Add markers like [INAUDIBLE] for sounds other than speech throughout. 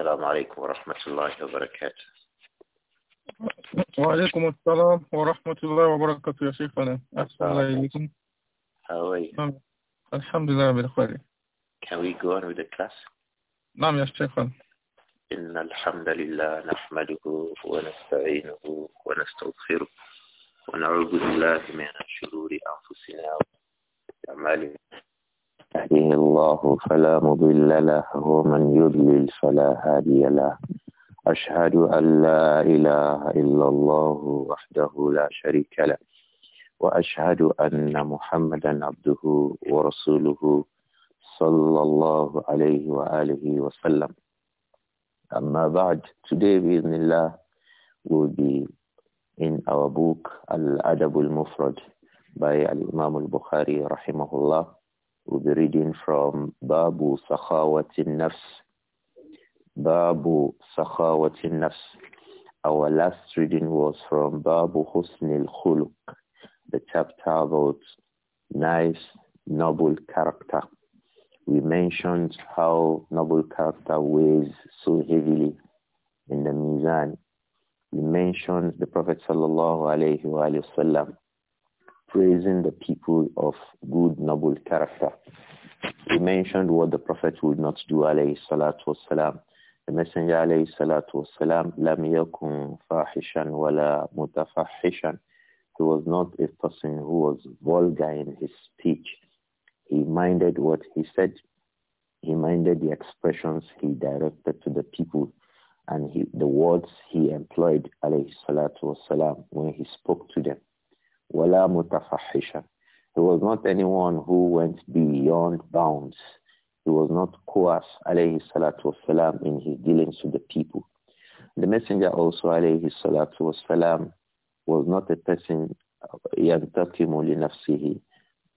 السلام عليكم ورحمة الله وبركاته وعليكم السلام ورحمة الله وبركاته يا شيخنا السلام عليكم إليكم How are you? Alhamdulillah نعم. بالخير Can we go on with the class? نعم يا شيخنا إن الحمد لله نحمده ونستعينه ونستغفره ونعوذ بالله من شرور أنفسنا وأعمالنا يهده الله فلا مضل له ومن يضلل فلا هادي له أشهد أن لا إله إلا الله وحده لا شريك له وأشهد أن محمدا عبده ورسوله صلى الله عليه وآله وسلم أما بعد today بإذن الله will be in our book Al-Adab al-Mufrad by imam al-Bukhari We'll be reading from Babu Sakhawatin Nafs. Babu Sakhawatin Nafs. Our last reading was from Babu Husnil Khuluk, the chapter about nice, noble character. We mentioned how noble character weighs so heavily in the Mizan. We mentioned the Prophet sallallahu alayhi wa praising the people of good, noble character. He mentioned what the Prophet would not do, alayhi salatu wasalam. The Messenger, alayhi salatu wasalam, lam yakun fahishan wala mutafahishan. He was not a person who was vulgar in his speech. He minded what he said. He minded the expressions he directed to the people and he, the words he employed, alayhi salatu wasalam, when he spoke to them. Wala mutafahisha. He was not anyone who went beyond bounds. He was not coarse, alayhi salatu wasalam, in his dealings with the people. The messenger also, alayhi salatu wasalam, was not a person, يَنْتَقِمُ لِنَفْسِهِ,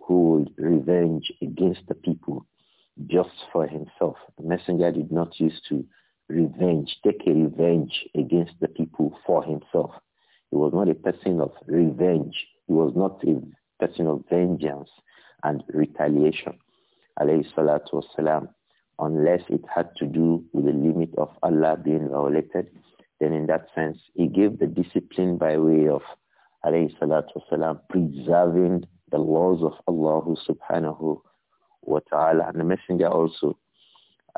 who would revenge against the people just for himself. The messenger did not use to revenge, take a revenge against the people for himself. He was not a person of revenge he was not a person of vengeance and retaliation, alayhi salatu wasalam, unless it had to do with the limit of Allah being violated. Then in that sense, he gave the discipline by way of, alayhi salatu wasalam, preserving the laws of Allah subhanahu wa ta'ala. And the messenger also,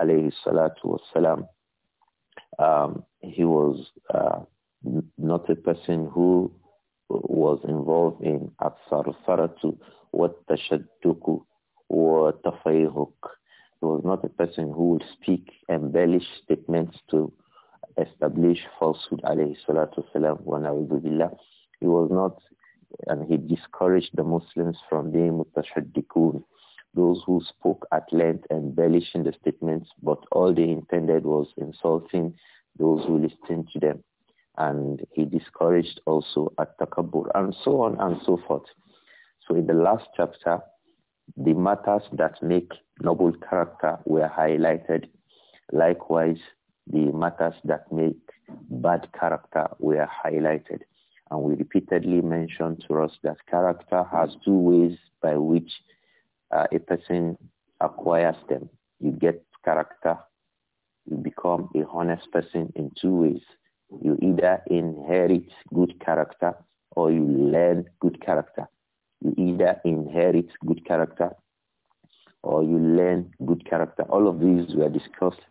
alayhi salatu wasalam, um, he was uh, not a person who was involved in الثرثرة والتشدق وتفيهق. He was not a person who would speak embellished statements to establish falsehood alayhi salatu wasalam wa He was not, and he discouraged the Muslims from being mutashaddikun, those who spoke at length embellishing the statements, but all they intended was insulting those who listened to them and he discouraged also at-takabur and so on and so forth. So in the last chapter, the matters that make noble character were highlighted. Likewise, the matters that make bad character were highlighted. And we repeatedly mentioned to us that character has two ways by which uh, a person acquires them. You get character, you become a honest person in two ways you either inherit good character or you learn good character. You either inherit good character or you learn good character. All of these were discussed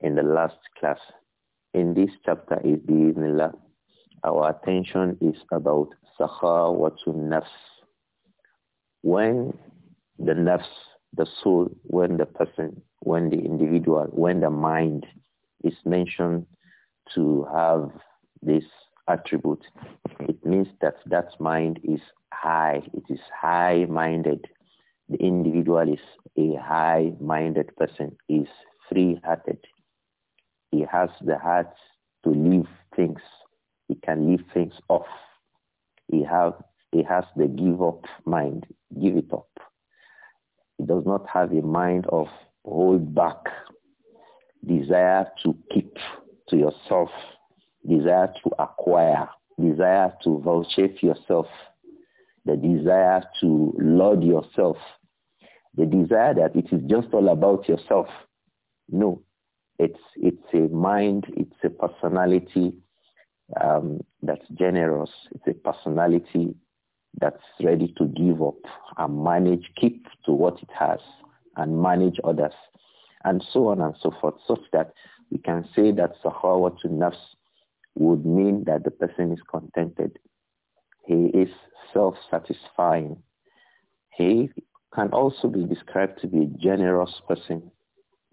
in the last class. In this chapter, Bismillah, our attention is about sakhawatun nafs. When the nafs, the soul, when the person, when the individual, when the mind is mentioned to have this attribute, it means that that mind is high. It is high-minded. The individual is a high-minded person, is free-hearted. He has the heart to leave things. He can leave things off. He have he has the give up mind, give it up. He does not have a mind of hold back, desire to keep to yourself, desire to acquire, desire to vouchsafe yourself, the desire to lord yourself, the desire that it is just all about yourself. No, it's, it's a mind, it's a personality um, that's generous, it's a personality that's ready to give up and manage, keep to what it has and manage others and so on and so forth, such that we can say that to nafs would mean that the person is contented. He is self-satisfying. He can also be described to be a generous person,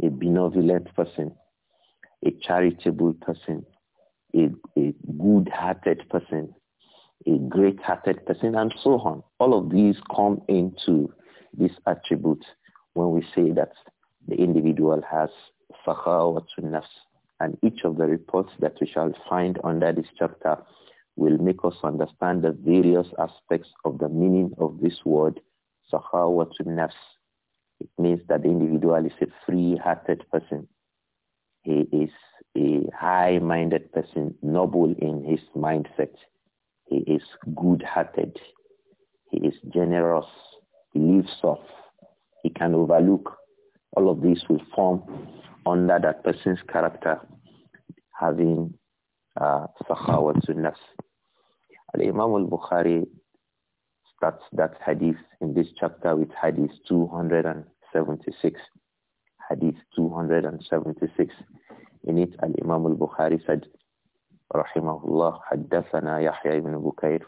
a benevolent person, a charitable person, a, a good-hearted person, a great-hearted person, and so on. All of these come into this attribute when we say that the individual has Sakhawatun Nafs. And each of the reports that we shall find under this chapter will make us understand the various aspects of the meaning of this word, Sakhawatun Nafs. It means that the individual is a free-hearted person. He is a high-minded person, noble in his mindset. He is good-hearted. He is generous. He lives off. He can overlook. All of these will form under that person's character having uh, sakhawatun nafs. Al-Imam al-Bukhari starts that hadith in this chapter with hadith 276. Hadith 276. In it, Al-Imam al-Bukhari said, "Rahimahullah, الله حدثنا يحيى بن بكير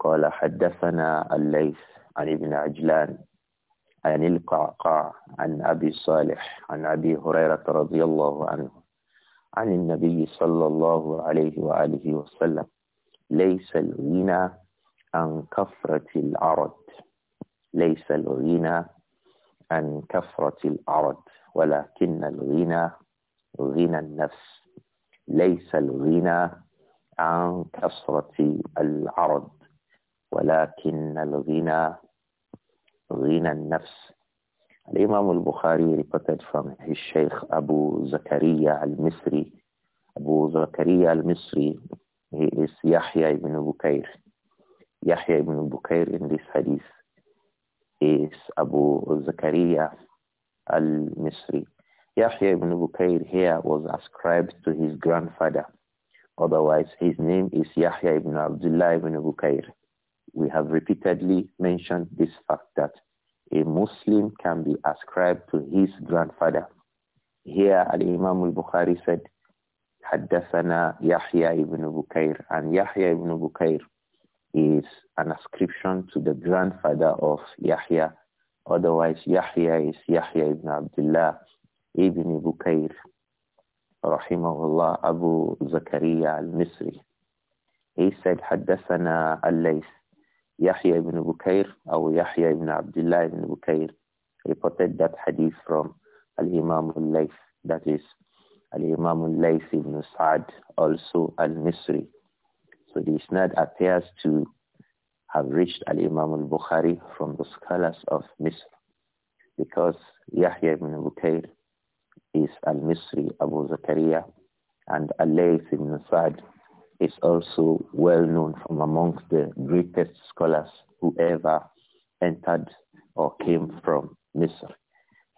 قال حدثنا الليث عن ابن عجلان عن القعقاع عن أبي صالح عن أبي هريرة رضي الله عنه عن النبي صلى الله عليه وآله وسلم ليس الغنى عن كثرة العرض ليس الغنى عن كثرة العرض ولكن الغنى غنى النفس ليس الغنى عن كثرة العرض ولكن الغنى غنى النفس. Imam al reported from his Sheikh Abu Zakaria al-Misri. Abu Zakaria he is Yahya ibn Bukair. Yahya ibn Bukair in this hadith is here was ascribed to his grandfather. Otherwise, his name is بن عبد الله بن Bukair. We have repeatedly mentioned this fact that a Muslim can be ascribed to his grandfather. Here Al-Imam al-Bukhari said, "Hadassana Yahya ibn Bukair. And Yahya ibn Bukair is an ascription to the grandfather of Yahya. Otherwise, Yahya is Yahya ibn Abdullah ibn Bukair, rahimahullah, Abu Zakaria al-Misri. He said, al الليث Yahya ibn Bukair or Yahya ibn Abdullah ibn Bukair reported that hadith from Al-Imam al-Layth, that is Al-Imam al-Layth ibn sa also al-Misri. So the isnad appears to have reached Al-Imam al-Bukhari from the scholars of Misr because Yahya ibn Bukair is al-Misri Abu Zakaria and Al-Layth ibn sa is also well known from amongst the greatest scholars who ever entered or came from Misr.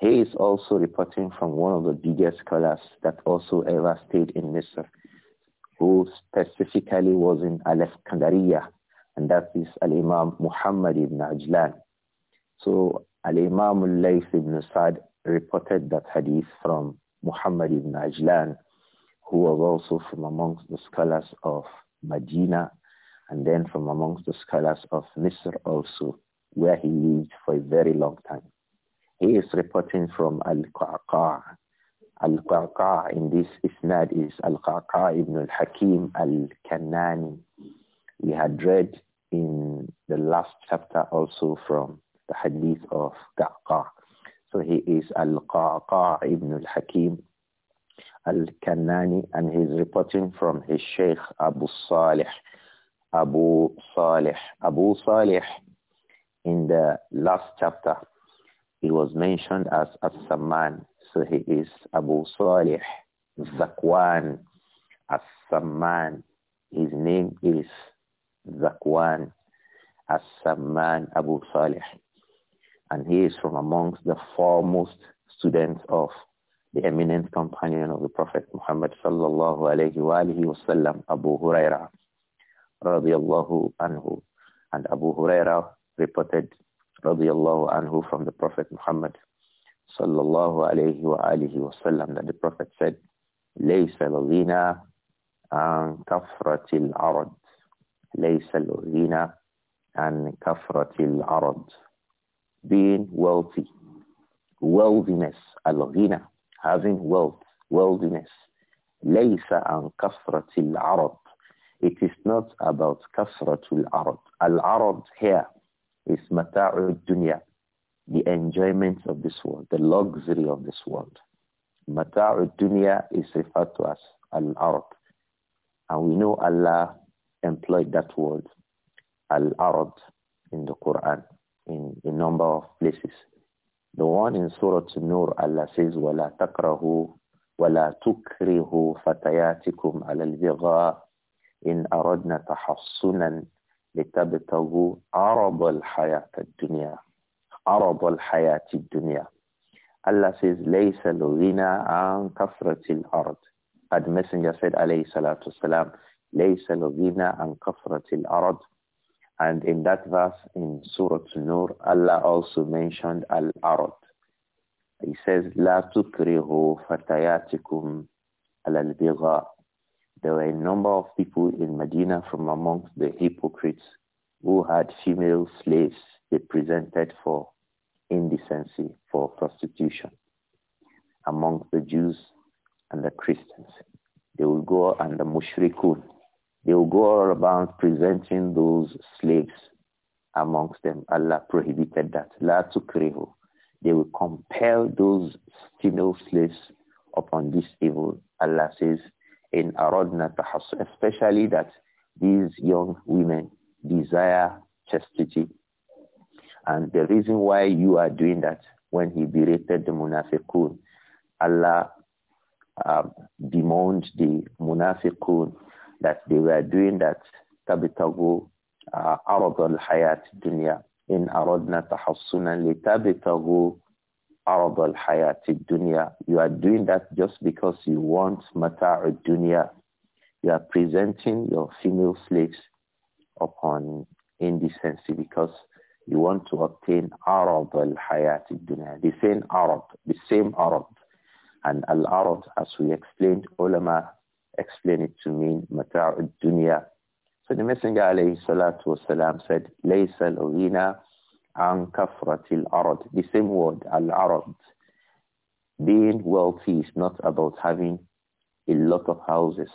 He is also reporting from one of the biggest scholars that also ever stayed in Misr, who specifically was in Alexandria, and that is Al-Imam Muhammad ibn Ajlan. So Al-Imam al-Layth ibn Sa'd reported that hadith from Muhammad ibn Ajlan, who was also from amongst the scholars of Medina and then from amongst the scholars of Misr also, where he lived for a very long time. He is reporting from Al-Qaqa. Al-Qaqa in this isnad is Al-Qaqa ibn al-Hakim al kanani We had read in the last chapter also from the hadith of Qaqa. So he is Al-Qaqa ibn al-Hakim al-Kanani and he's reporting from his Sheikh Abu Salih. Abu Salih. Abu Salih in the last chapter, he was mentioned as As-Saman. So he is Abu Salih Zakwan As-Saman. His name is Zakwan As-Saman Abu Salih. And he is from amongst the foremost students of the eminent companion of the Prophet Muhammad sallallahu alayhi wa alihi wasallam, Abu Huraira radiallahu anhu. And Abu Huraira reported radiallahu anhu from the Prophet Muhammad sallallahu alayhi wa alihi wasallam that the Prophet said, ليس الغنى عن كفرة العرض ليس الغنى عن كفرة العرض being wealthy wealthiness al-ghina having wealth, worldliness. لَيْسَ عَنْ كَثْرَةِ الْعَرَبِ It is not about كَثْرَةُ الْعَرَبِ Al-Arab here is مَتَاعُ الدُّنْيَا The enjoyment of this world, the luxury of this world. مَتَاعُ الدُّنْيَا is referred to as Al-Arab. And we know Allah employed that word, Al-Arab, in the Quran in a number of places. The one in Surah An-Nur, Allah says, وَلَا تَقْرَهُ وَلَا تُكْرِهُ فَتَيَاتِكُمْ عَلَى الْبِغَاءِ إِنْ أَرَدْنَا تَحَصُّنًا لِتَبْتَغُوا عَرَضَ الْحَيَاةِ الدُّنْيَا عَرَضَ الْحَيَاةِ الدُّنْيَا Allah says, لَيْسَ الْغِنَى عَنْ كَثْرَةِ الْأَرْضِ And Messenger said, عليه الصلاة والسلام, لَيْسَ الْغِنَى عَنْ كَثْرَةِ الْأَرْضِ And in that verse in Surah Nur, Allah also mentioned Al-Arad. He says, La tukrihu fatayatikum al There were a number of people in Medina from amongst the hypocrites who had female slaves they presented for indecency, for prostitution amongst the Jews and the Christians. They will go and the mushrikun, they will go all about presenting those slaves amongst them. Allah prohibited that. La tukrihu. They will compel those female slaves upon this evil. Allah says, in aradna tahassu, especially that these young women desire chastity. And the reason why you are doing that, when he berated the munafiqun, Allah demands um, bemoaned the munafiqun that they were doing that tabitagu uh, arad al-hayat dunya in aradna tahassunan litabitagu arad al-hayat dunya. You are doing that just because you want mata'u dunya. You are presenting your female slaves upon indecency because you want to obtain Arab al-Hayat dunya the same Arab, the same Arab. And al-Arab, as we explained, ulama explain it to mean mata'ud dunya. So the Messenger alayhi salatu wasalam said, لَيْسَ الْغِنَى عَنْ كَفْرَةِ الْأَرَضِ The same word, al-arad. Being wealthy is not about having a lot of houses.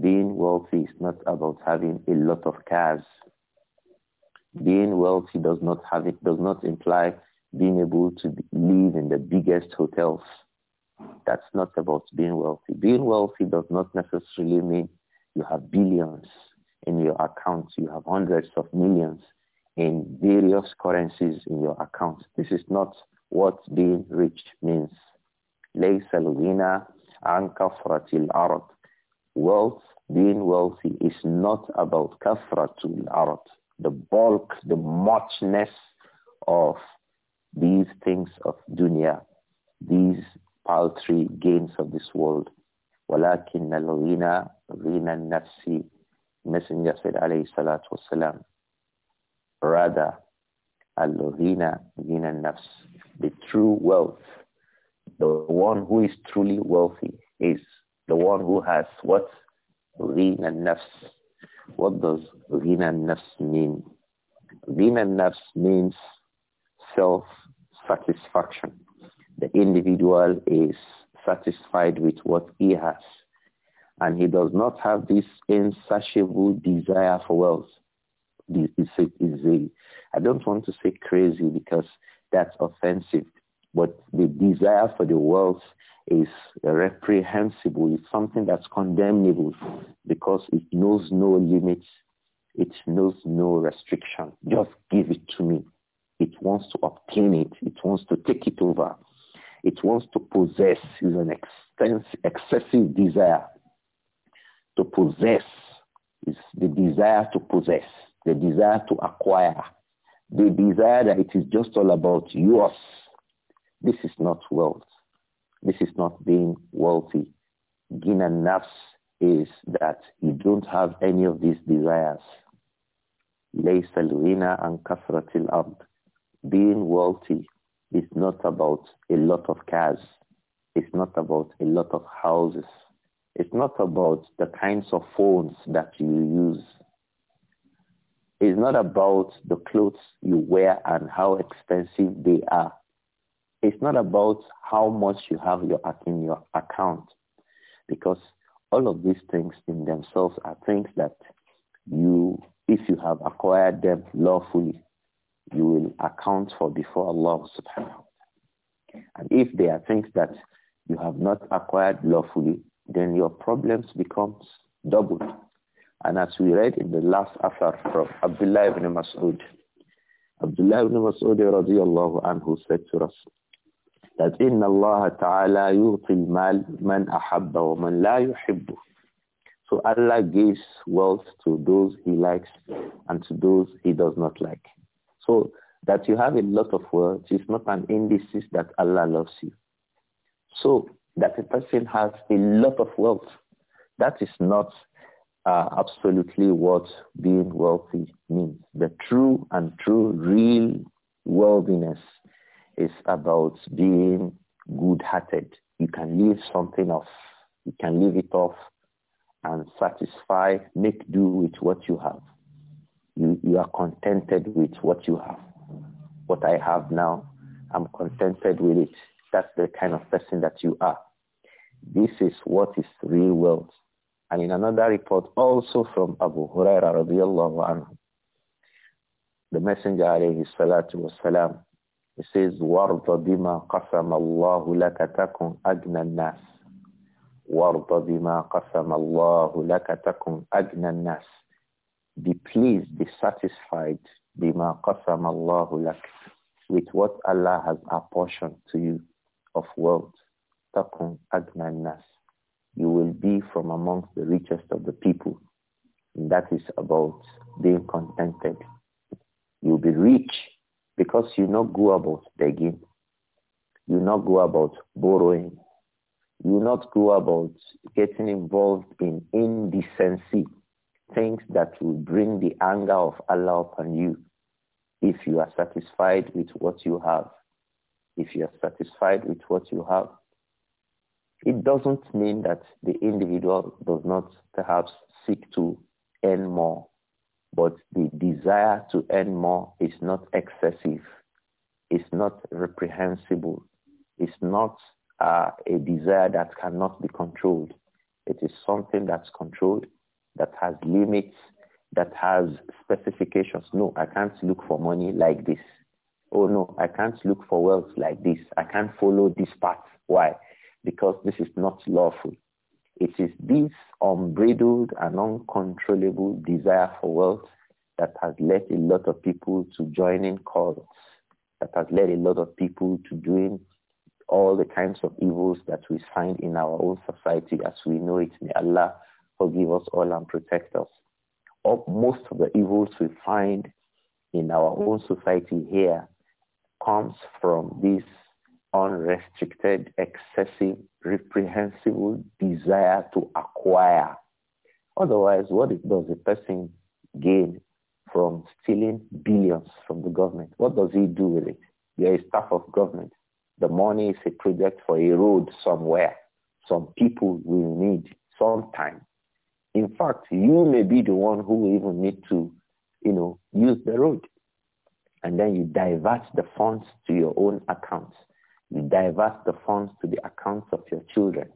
Being wealthy is not about having a lot of cars. Being wealthy does not have it does not imply being able to live in the biggest hotels that's not about being wealthy. Being wealthy does not necessarily mean you have billions in your accounts. You have hundreds of millions in various currencies in your accounts. This is not what being rich means. ليس الغنى عن Wealth, being wealthy is not about كثرة arat. The bulk, the muchness of these things of dunya, these paltry gains of this world. وَلَكِنَّ الْغِنَى غِنَى النَّفْسِ Messenger said, عليه salatu wasalam, rather, al-ghina النفس. the true wealth, the one who is truly wealthy is the one who has what? Ghina النفس. What does ghina النفس mean? Ghina النفس means self-satisfaction the individual is satisfied with what he has. And he does not have this insatiable desire for wealth. I a, a, I don't want to say crazy because that's offensive, but the desire for the wealth is reprehensible. It's something that's condemnable because it knows no limits. It knows no restriction. Just give it to me. It wants to obtain it. It wants to take it over. It wants to possess is an extensive, excessive desire. To possess is the desire to possess, the desire to acquire, the desire that it is just all about yours. This is not wealth. This is not being wealthy. Gina nafs is that you don't have any of these desires. ليس الغنى عن كثرة الأرض. Being wealthy it's not about a lot of cars. It's not about a lot of houses. It's not about the kinds of phones that you use. It's not about the clothes you wear and how expensive they are. It's not about how much you have your, in your account because all of these things in themselves are things that you, if you have acquired them lawfully, you will account for before Allah subhanahu wa ta'ala. And if there are things that you have not acquired lawfully, then your problems becomes doubled. And as we read in the last affair from Abdullah ibn Mas'ud, Abdullah ibn Mas'ud radiallahu anhu said to us that إِنَّ اللَّهَ تَعَالَى يُعْطِي الْمَالِ مَنْ أَحَبَّ وَمَنْ لَا يُحِبُّ So Allah gives wealth to those he likes and to those he does not like. So that you have a lot of wealth is not an indices that Allah loves you. So that a person has a lot of wealth, that is not uh, absolutely what being wealthy means. The true and true real worldliness is about being good-hearted. You can leave something off. You can leave it off and satisfy, make do with what you have. You, you are contented with what you have. What I have now, I'm contented with it. That's the kind of person that you are. This is what is real wealth. And in another report, also from Abu Huraira radiallahu anhu, the Messenger alayhi salatu wasalam, he says, وَارْضَ بِمَا قَسَمَ اللَّهُ لَكَ تَكُنْ أَجْنَى النَّاسِ وَارْضَ بِمَا قَسَمَ اللَّهُ لَكَ تَكُنْ أَجْنَى النَّاسِ be pleased, be satisfied be qasama Allahu lak, with what Allah has apportioned to you of wealth. Takun agnan nas. You will be from amongst the richest of the people. And that is about being contented. You'll be rich because you not go about begging. You not go about borrowing. You not go about getting involved in indecency things that will bring the anger of Allah upon you if you are satisfied with what you have. If you are satisfied with what you have, it doesn't mean that the individual does not perhaps seek to earn more, but the desire to earn more is not excessive, it's not reprehensible, it's not uh, a desire that cannot be controlled. It is something that's controlled that has limits, that has specifications. No, I can't look for money like this. Oh no, I can't look for wealth like this. I can't follow this path. Why? Because this is not lawful. It is this unbridled and uncontrollable desire for wealth that has led a lot of people to joining cults, that has led a lot of people to doing all the kinds of evils that we find in our own society as we know it. May Allah forgive us all and protect us. most of the evils we find in our own society here comes from this unrestricted, excessive, reprehensible desire to acquire. Otherwise, what does a person gain from stealing billions from the government? What does he do with it? There is staff of government. The money is a project for a road somewhere. Some people will need some time. In fact, you may be the one who even need to, you know, use the road. And then you divert the funds to your own accounts. You divert the funds to the accounts of your children.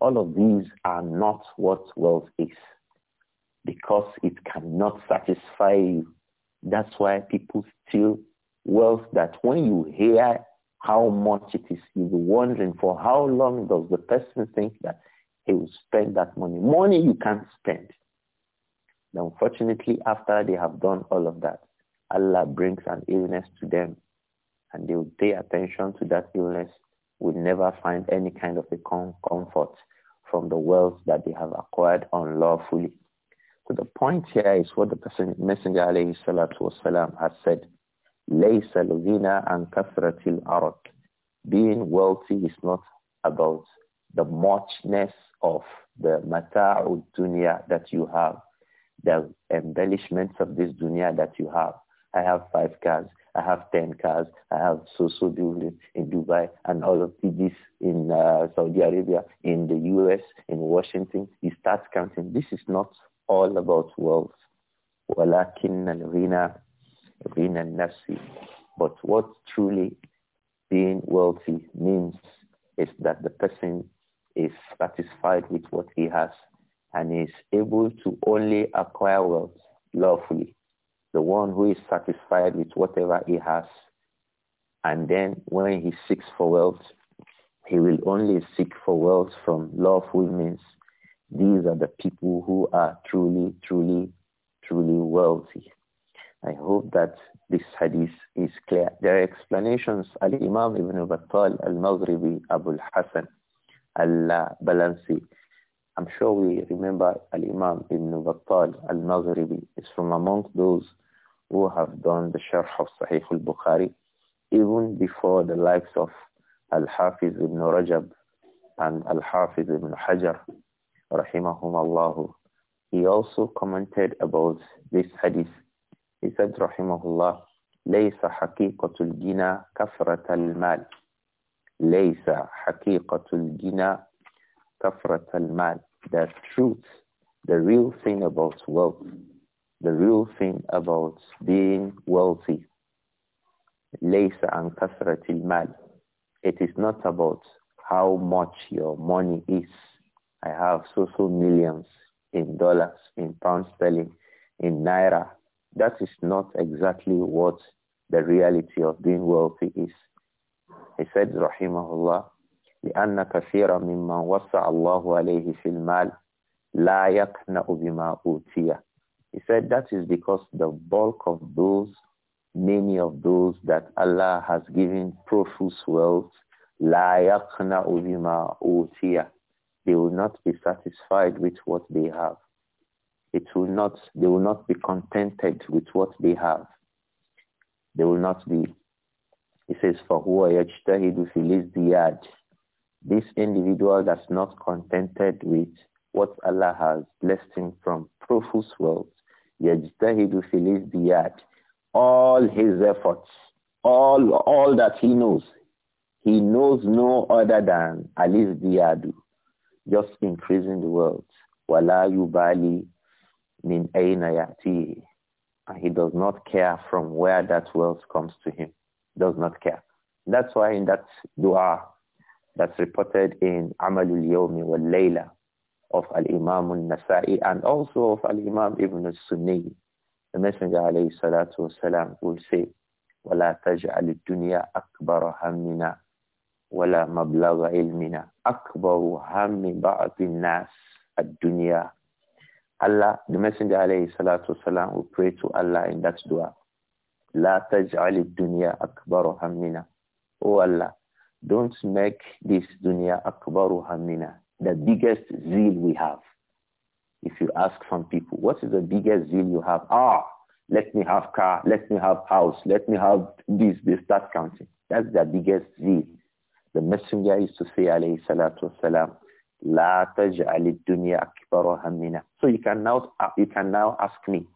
All of these are not what wealth is because it cannot satisfy you. That's why people steal wealth that when you hear how much it is, you'll be wondering for how long does the person think that he will spend that money. Money you can't spend. Now, unfortunately, after they have done all of that, Allah brings an illness to them and they will pay attention to that illness, will never find any kind of a comfort from the wealth that they have acquired unlawfully. So the point here is what the person, Messenger alayhi salatu wasalam has said, لَيْسَ and عَنْ كَثْرَةِ Being wealthy is not about the muchness of the mata'u dunya that you have, the embellishments of this dunya that you have. I have five cars, I have 10 cars, I have so-so buildings in Dubai and all of these in uh, Saudi Arabia, in the US, in Washington. You start counting. This is not all about wealth. ولكن الغنى غنى النفس but what truly being wealthy means is that the person is satisfied with what he has and is able to only acquire wealth lawfully. The one who is satisfied with whatever he has and then when he seeks for wealth, he will only seek for wealth from lawful means. These are the people who are truly, truly, truly wealthy. I hope that this hadith is clear. There are explanations. Al-Imam Ibn Battal Al-Maghribi Abu Hasan al-Balansi. I'm sure we remember Al-Imam Ibn Battal al-Maghribi is from among those who have done the Sharh of Sahih al-Bukhari even before the likes of Al-Hafiz Ibn Rajab and Al-Hafiz Ibn Hajar Allah. He also commented about this hadith. He said rahimahullah, ليس حقيقة الجنى كفرة المال ليس حقيقة الجنا كفرة المال the truth the real thing about wealth the real thing about being wealthy ليس عن كثرة المال it is not about how much your money is I have so so millions in dollars in pound sterling in naira that is not exactly what the reality of being wealthy is he said, rahimahullah, لأن كثيرا وسع الله عليه في المال لا يقنع بما He said that is because the bulk of those, many of those that Allah has given profuse wealth, لا يقنع بما They will not be satisfied with what they have. It will not, they will not be contented with what they have. They will not be he says, فَهُوَ يَجْتَهِدُ فِي الْإِزْدِيَاجِ This individual that's not contented with what Allah has blessed him from profuse wealth, يَجْتَهِدُ فِي الْإِزْدِيَاجِ All his efforts, all, all that he knows, he knows no other than Aliz Diadu, just increasing the wealth. Wala yubali min aina And he does not care from where that wealth comes to him does not care. That's why in that dua that's reported in Amalul Yomi wa Layla of Al-Imam al-Nasai and also of Al-Imam Ibn al-Sunni, the Messenger alayhi salatu wasalam will say, وَلَا تَجْعَلِ الدُّنْيا أَكْبَرَ هَمِّنَا وَلَا مَبْلَغَ عِلْمِنَا أَكْبَرُ هَمِّ Nas النَّاسِ Dunya." Allah, the Messenger alayhi salatu wasalam will pray to Allah in that dua. La taj'al dunya akbaru hammina. Oh Allah, don't make this dunya akbaru hammina, the biggest zeal we have. If you ask some people, what is the biggest zeal you have? Ah, let me have car, let me have house, let me have this, this. that counting. That's the biggest zeal. The messenger used to say, alayhi salatu wasalam, La taj'al dunya akbaru hammina. So you can now, you can now ask me,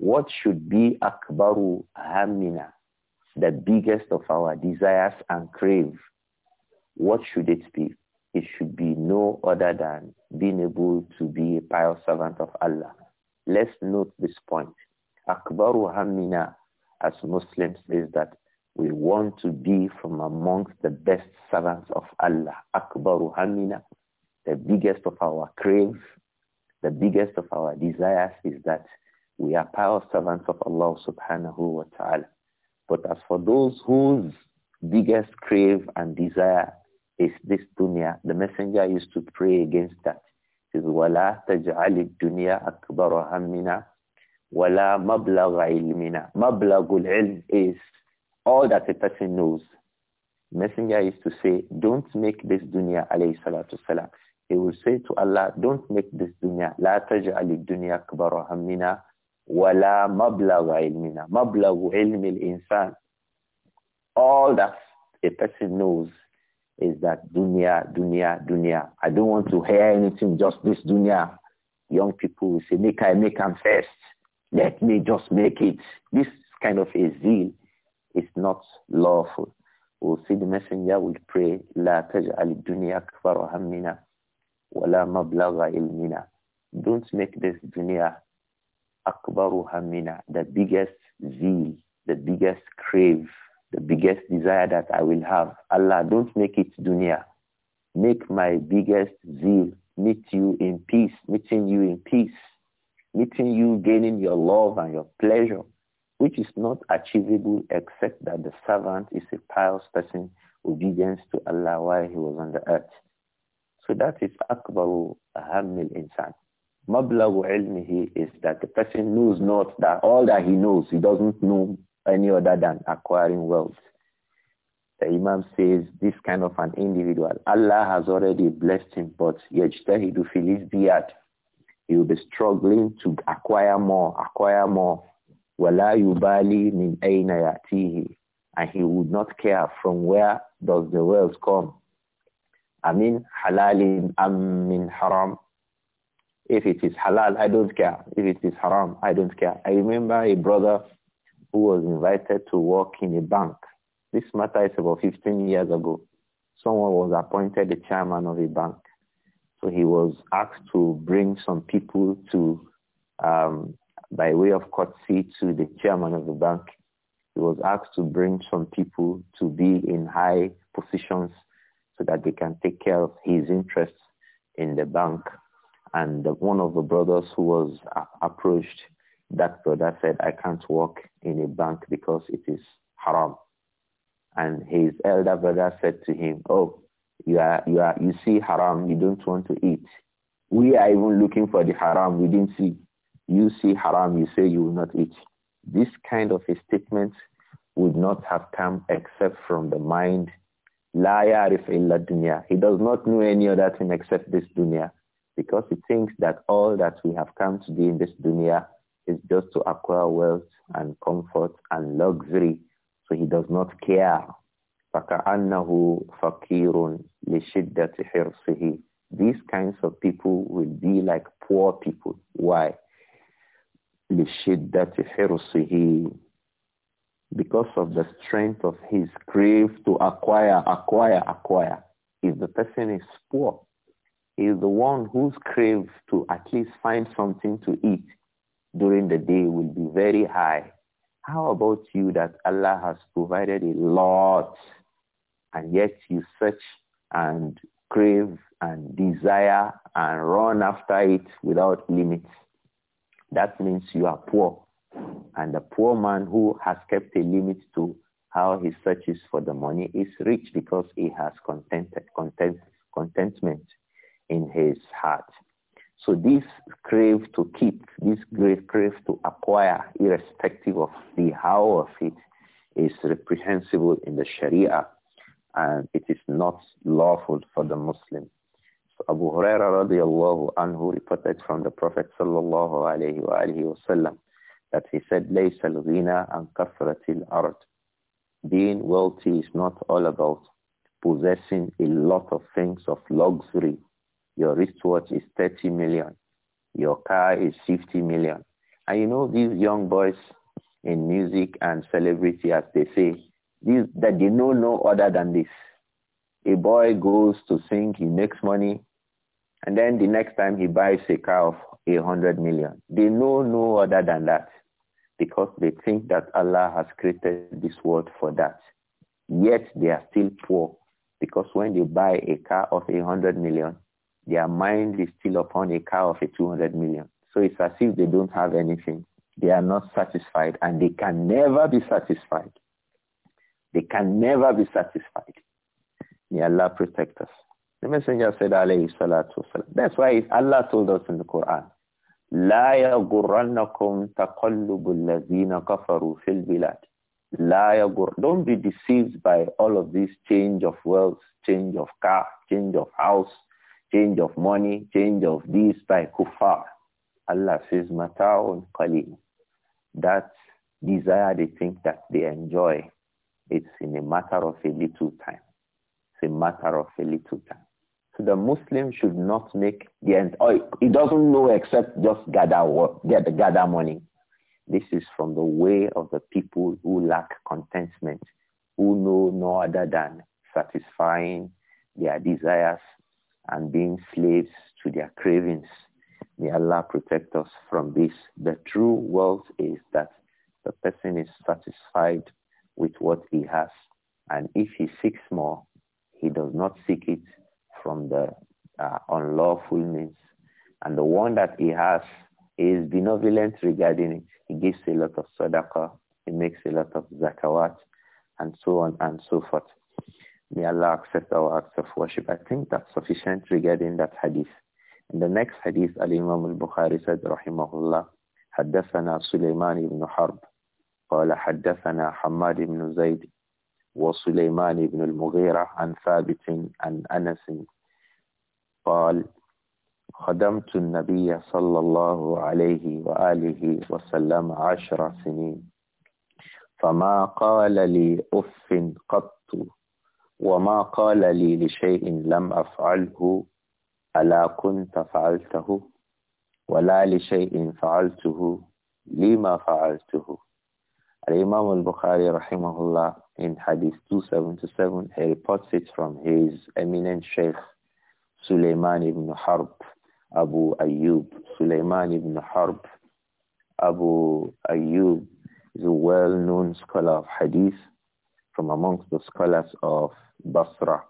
what should be akbaru hamina, the biggest of our desires and crave? What should it be? It should be no other than being able to be a pious servant of Allah. Let's note this point. Akbaru hamina as Muslims is that we want to be from amongst the best servants of Allah. Akbaru hamina, the biggest of our craves, the biggest of our desires is that we are pious servants of Allah subhanahu wa ta'ala. But as for those whose biggest crave and desire is this dunya, the messenger used to pray against that. He says, وَلَا تَجْعَلِ الدُّنْيَا أَكْبَرَ هَمِّنَا وَلَا مَبْلَغَ عِلْمِنَا مَبْلَغُ الْعِلْمِ is all that a person knows. Messenger used to say, don't make this dunya, alayhi salatu salam. He will say to Allah, don't make this dunya, لَا تَجْعَلِ الدُّنْيَا أَكْبَرَ هَمِّنَا wala mablawa ilmina. Mablawu ilmil الإنسان. All that a person knows is that dunya, dunya, dunya. I don't want to hear anything, just this dunya. Young people say, make I make am first. Let me just make it. This kind of a zeal is not lawful. We'll see the messenger will pray, لا تجعل الدنيا أكبر همنا ولا مبلغ علمنا. Don't make this dunya the biggest zeal, the biggest crave, the biggest desire that I will have. Allah, don't make it dunya. Make my biggest zeal meet you in peace, meeting you in peace, meeting you gaining your love and your pleasure, which is not achievable except that the servant is a pious person, obedience to Allah while he was on the earth. So that is akbaru hamil insan Mablagu ilmihi is that the person knows not that all that he knows, he doesn't know any other than acquiring wealth. The Imam says this kind of an individual, Allah has already blessed him, but yajtahidu fil izdiyat. He will be struggling to acquire more, acquire more. Wala yubali min ayna yatihi. And he would not care from where does the wealth come. I mean, halalin am haram if it is halal, I don't care. If it is haram, I don't care. I remember a brother who was invited to work in a bank. This matter is about 15 years ago. Someone was appointed the chairman of a bank. So he was asked to bring some people to, um, by way of courtesy to the chairman of the bank, he was asked to bring some people to be in high positions so that they can take care of his interests in the bank and one of the brothers who was approached, that brother said, I can't work in a bank because it is haram. And his elder brother said to him, oh, you, are, you, are, you see haram, you don't want to eat. We are even looking for the haram, we didn't see. You see haram, you say you will not eat. This kind of a statement would not have come except from the mind. La yarif illa dunya. He does not know any other thing except this dunya because he thinks that all that we have come to do in this dunya is just to acquire wealth and comfort and luxury. So he does not care. These kinds of people will be like poor people. Why? Because of the strength of his crave to acquire, acquire, acquire. If the person is poor, is the one whose crave to at least find something to eat during the day will be very high. How about you that Allah has provided a lot and yet you search and crave and desire and run after it without limits? That means you are poor. And the poor man who has kept a limit to how he searches for the money is rich because he has contented, content, contentment heart. So this crave to keep, this great crave to acquire, irrespective of the how of it, is reprehensible in the Sharia, and it is not lawful for the Muslim. So Abu Huraira radiallahu anhu reported from the Prophet sallallahu alayhi wa alayhi wasallam that he said, لَيْسَ الْغِنَى عَنْ كَثْرَةِ الْأَرْض Being wealthy is not all about possessing a lot of things of luxury your wristwatch is 30 million. Your car is 50 million. And you know these young boys in music and celebrity, as they say, these, that they know no other than this. A boy goes to sing, he makes money, and then the next time he buys a car of a hundred million. They know no other than that because they think that Allah has created this world for that. Yet they are still poor because when they buy a car of a hundred million, their mind is still upon a car of a 200 million. So it's as if they don't have anything. They are not satisfied and they can never be satisfied. They can never be satisfied. May Allah protect us. The Messenger said, alayhi salatu wasalam. That's why Allah told us in the Quran, لا يغرنكم تقلب الذين كفروا في البلاد لا يغر Don't be deceived by all of this change of wealth, change of car, change of house, change of money, change of this by kufar. Allah says, mata'un qalil. That desire they think that they enjoy, it's in a matter of a little time. It's a matter of a little time. So the Muslim should not make the end. Oh, he doesn't know except just gather get gather money. This is from the way of the people who lack contentment, who know no other than satisfying their desires and being slaves to their cravings. May Allah protect us from this. The true wealth is that the person is satisfied with what he has. And if he seeks more, he does not seek it from the uh, unlawful means. And the one that he has is benevolent regarding it. He gives a lot of sadaqah, he makes a lot of zakawat, and so on and so forth. May Allah accept our acts of worship. I think that's sufficient regarding that hadith. In the next hadith, Al-Imam al-Bukhari said, Rahimahullah, حدثنا سليمان بن حرب قال حدثنا حماد بن زيد وسليمان بن المغيرة عن ثابت عن أنس قال خدمت النبي صلى الله عليه وآله وسلم عشر سنين فما قال لي أف قط وما قال لي لشيء لم أفعله ألا كنت فعلته ولا لشيء فعلته لما فعلته Al-Imam al-Bukhari rahimahullah in hadith 277 he reports it from his eminent sheikh Sulaiman ibn Harb Abu Ayyub Sulaiman ibn Harb Abu Ayyub is a well-known scholar of hadith from amongst the scholars of Basra,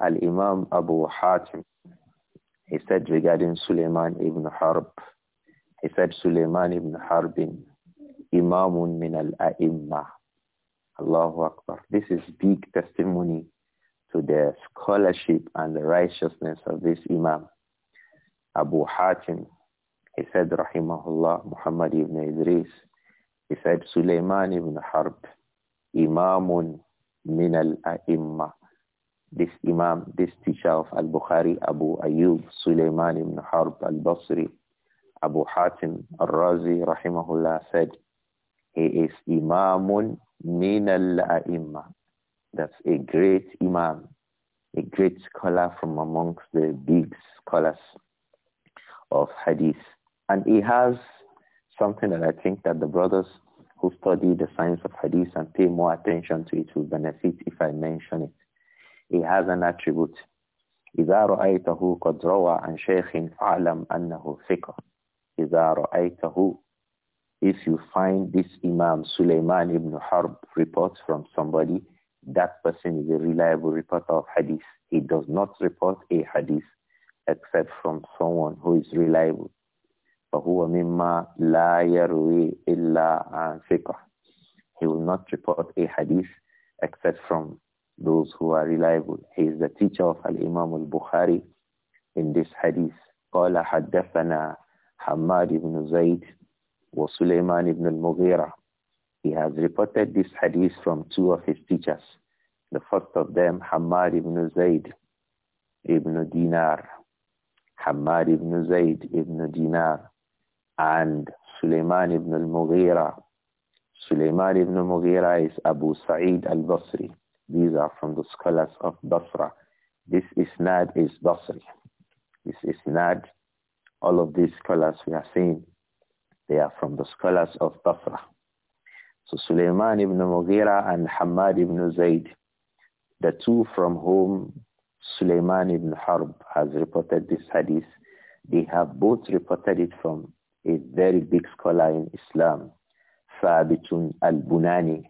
Al-Imam Abu Hatim, he said regarding Suleiman ibn Harb, he said Suleiman ibn Harbin, Imamun min al ai Allahu Akbar. This is big testimony to the scholarship and the righteousness of this Imam. Abu Hatim, he said, Rahimahullah, Muhammad ibn Idris, he said, Suleiman ibn Harb, Imamun min al This Imam, this teacher of Al-Bukhari, Abu Ayyub Sulaiman ibn Harb al-Basri, Abu Hatim al-Razi, rahimahullah, said, he is Imamun min al That's a great Imam, a great scholar from amongst the big scholars of Hadith. And he has something that I think that the brothers who study the science of hadith and pay more attention to it will benefit if I mention it. It has an attribute. إذا رأيته قد روى عن شيخ فاعلم أنه ثقة. إذا رأيته If you find this Imam Sulaiman ibn Harb reports from somebody, that person is a reliable reporter of hadith. He does not report a hadith except from someone who is reliable. فهو مما لا يروي إلا عن ثقة He will not report a hadith except from those who are reliable. He is the teacher of Al-Imam al-Bukhari in this hadith. قال حدثنا حماد بن زيد وسليمان بن المغيرة He has reported this hadith from two of his teachers. The first of them, Hamad ibn Zayd ibn Dinar. Hamad ibn Zayd ibn Dinar and Suleiman ibn al-Mughira. Suleiman ibn al-Mughira is Abu Sa'id al-Basri. These are from the scholars of Basra. This isnad is Basri. This isnad, all of these scholars we are seeing, they are from the scholars of Basra. So Suleiman ibn Mughira and Hamad ibn Zayd, the two from whom Suleiman ibn Harb has reported this hadith, they have both reported it from a very big scholar in Islam, Thabitun al-Bunani.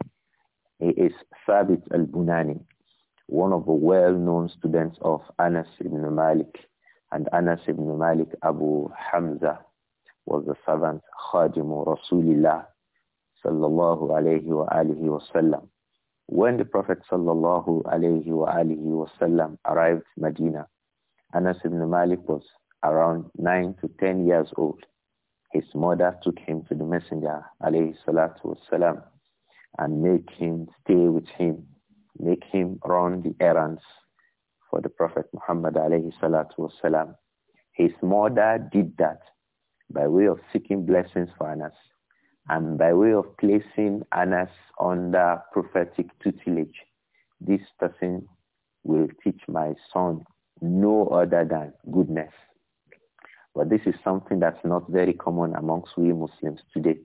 He is Thabit al-Bunani, one of the well-known students of Anas ibn Malik. And Anas ibn Malik Abu Hamza was the servant Khadimu Rasulillah sallallahu alayhi wa alihi wasallam. When the Prophet sallallahu alayhi wa alihi wasallam arrived Medina, Anas ibn Malik was around 9 to 10 years old his mother took him to the messenger, alayhi salatu wasalam, and make him stay with him, make him run the errands for the Prophet Muhammad alayhi salatu wasalam. His mother did that by way of seeking blessings for Anas and by way of placing Anas under prophetic tutelage. This person will teach my son no other than goodness. But this is something that's not very common amongst we Muslims today.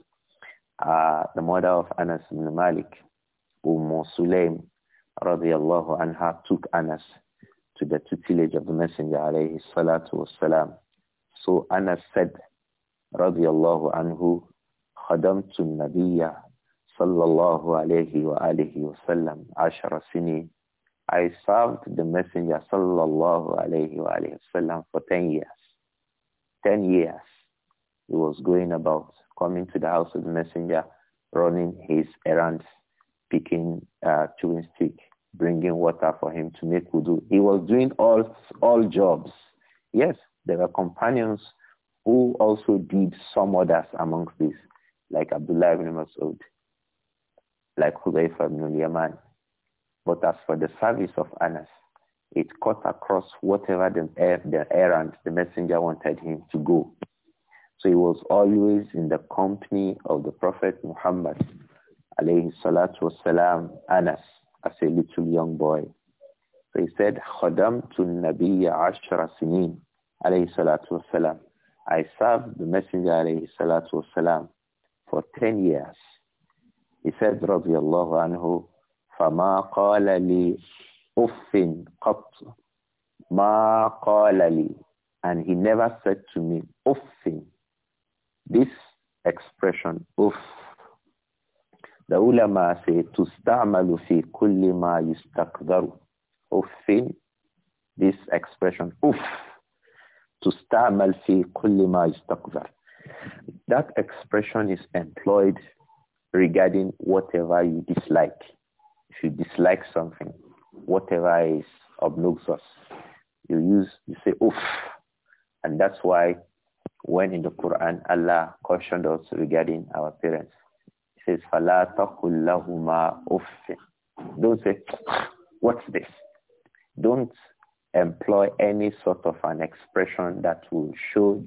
Uh, the mother of Anas ibn Malik, Umm Sulaim, radiallahu anha, took Anas to the tutelage of the Messenger, alayhi salatu wasalam. So Anas said, radiallahu anhu, خدمت النبي صلى الله عليه وآله وسلم عشر سنين I served the Messenger صلى الله عليه وآله وسلم for 10 years. 10 years, he was going about, coming to the house of the messenger, running his errands, picking uh, chewing stick, bringing water for him to make wudu. He was doing all, all jobs. Yes, there were companions who also did some others amongst these, like Abdullah ibn Mas'ud, like Hudayfa ibn Yaman. But as for the service of Anas, it cut across whatever the, the errand the messenger wanted him to go. So he was always in the company of the Prophet Muhammad, alayhi salatu wasalam, Anas, as a little young boy. So he said, to Nabiya Ashra سِنِينَ alayhi salatu wasalam. I served the messenger, alayhi salatu wasalam, for 10 years. He said, "Rabbi Allah عنه, فَمَا قَالَ لِي أف قط ما قال لي and he never said to me أف this expression أف the ulama say تستعمل في كل ما يستقدر أف this expression أف تستعمل في كل ما يستقدر that expression is employed regarding whatever you dislike. If you dislike something, whatever is obnoxious. You use, you say, oof. And that's why when in the Quran, Allah cautioned us regarding our parents. He says, فَلَا تَقُلْ لَهُمَا أُفٍ Don't say, what's this? Don't employ any sort of an expression that will show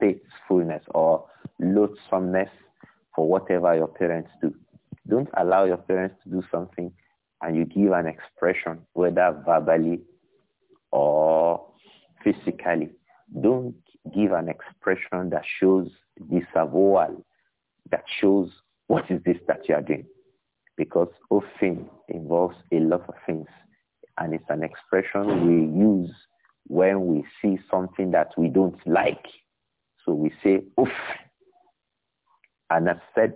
distastefulness or loathsomeness for whatever your parents do. Don't allow your parents to do something and you give an expression, whether verbally or physically, don't give an expression that shows disavowal, that shows what is this that you are doing. Because often involves a lot of things. And it's an expression we use when we see something that we don't like. So we say, oof. And I said,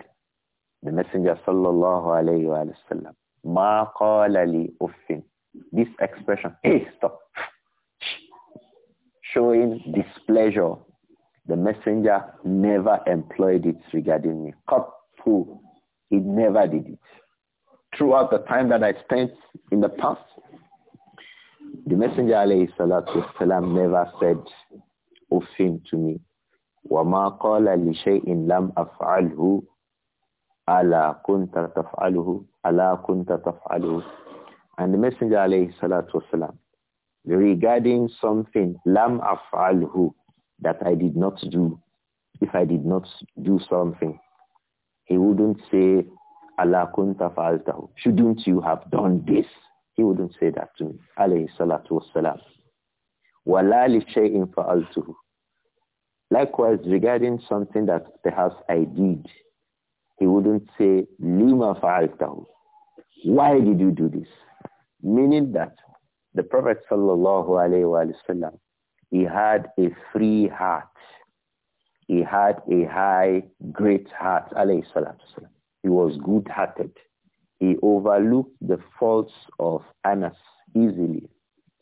the Messenger sallallahu alayhi wa sallam, Ma qalali uffin. This expression, hey, stop. Showing displeasure. The messenger never employed it regarding me. Qattu. He never did it. Throughout the time that I spent in the past, the messenger alayhi salatu wasalam never said uffin to me. وَمَا قَالَ لِشَيْءٍ لَمْ أَفْعَلْهُ Ala kunta taf'aluhu, Ala kunta taf'aluhu. And the Messenger alayhi salatu wasalam, regarding something, lam af'alhu, that I did not do, if I did not do something, he wouldn't say, Allah kunta fa'altahu. Shouldn't you have done this? He wouldn't say that to me, alayhi salatu wasalam. Wala li shay'in fa'altuhu. Likewise, regarding something that perhaps I did, he wouldn't say, Lima fa'altahu. Why did you do this? Meaning that the Prophet sallallahu wasallam, he had a free heart. He had a high, great heart, He was good-hearted. He overlooked the faults of Anas easily.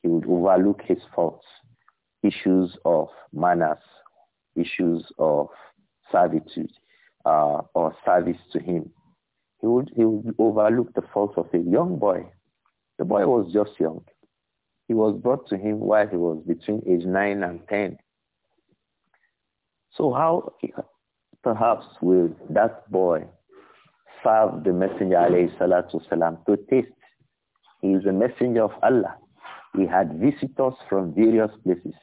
He would overlook his faults, issues of manners, issues of servitude uh, or service to him. He would, he would overlook the faults of a young boy. The boy was just young. He was brought to him while he was between age 9 and 10. So how perhaps will that boy serve the messenger alayhi salatu salam to taste? He is a messenger of Allah. He had visitors from various places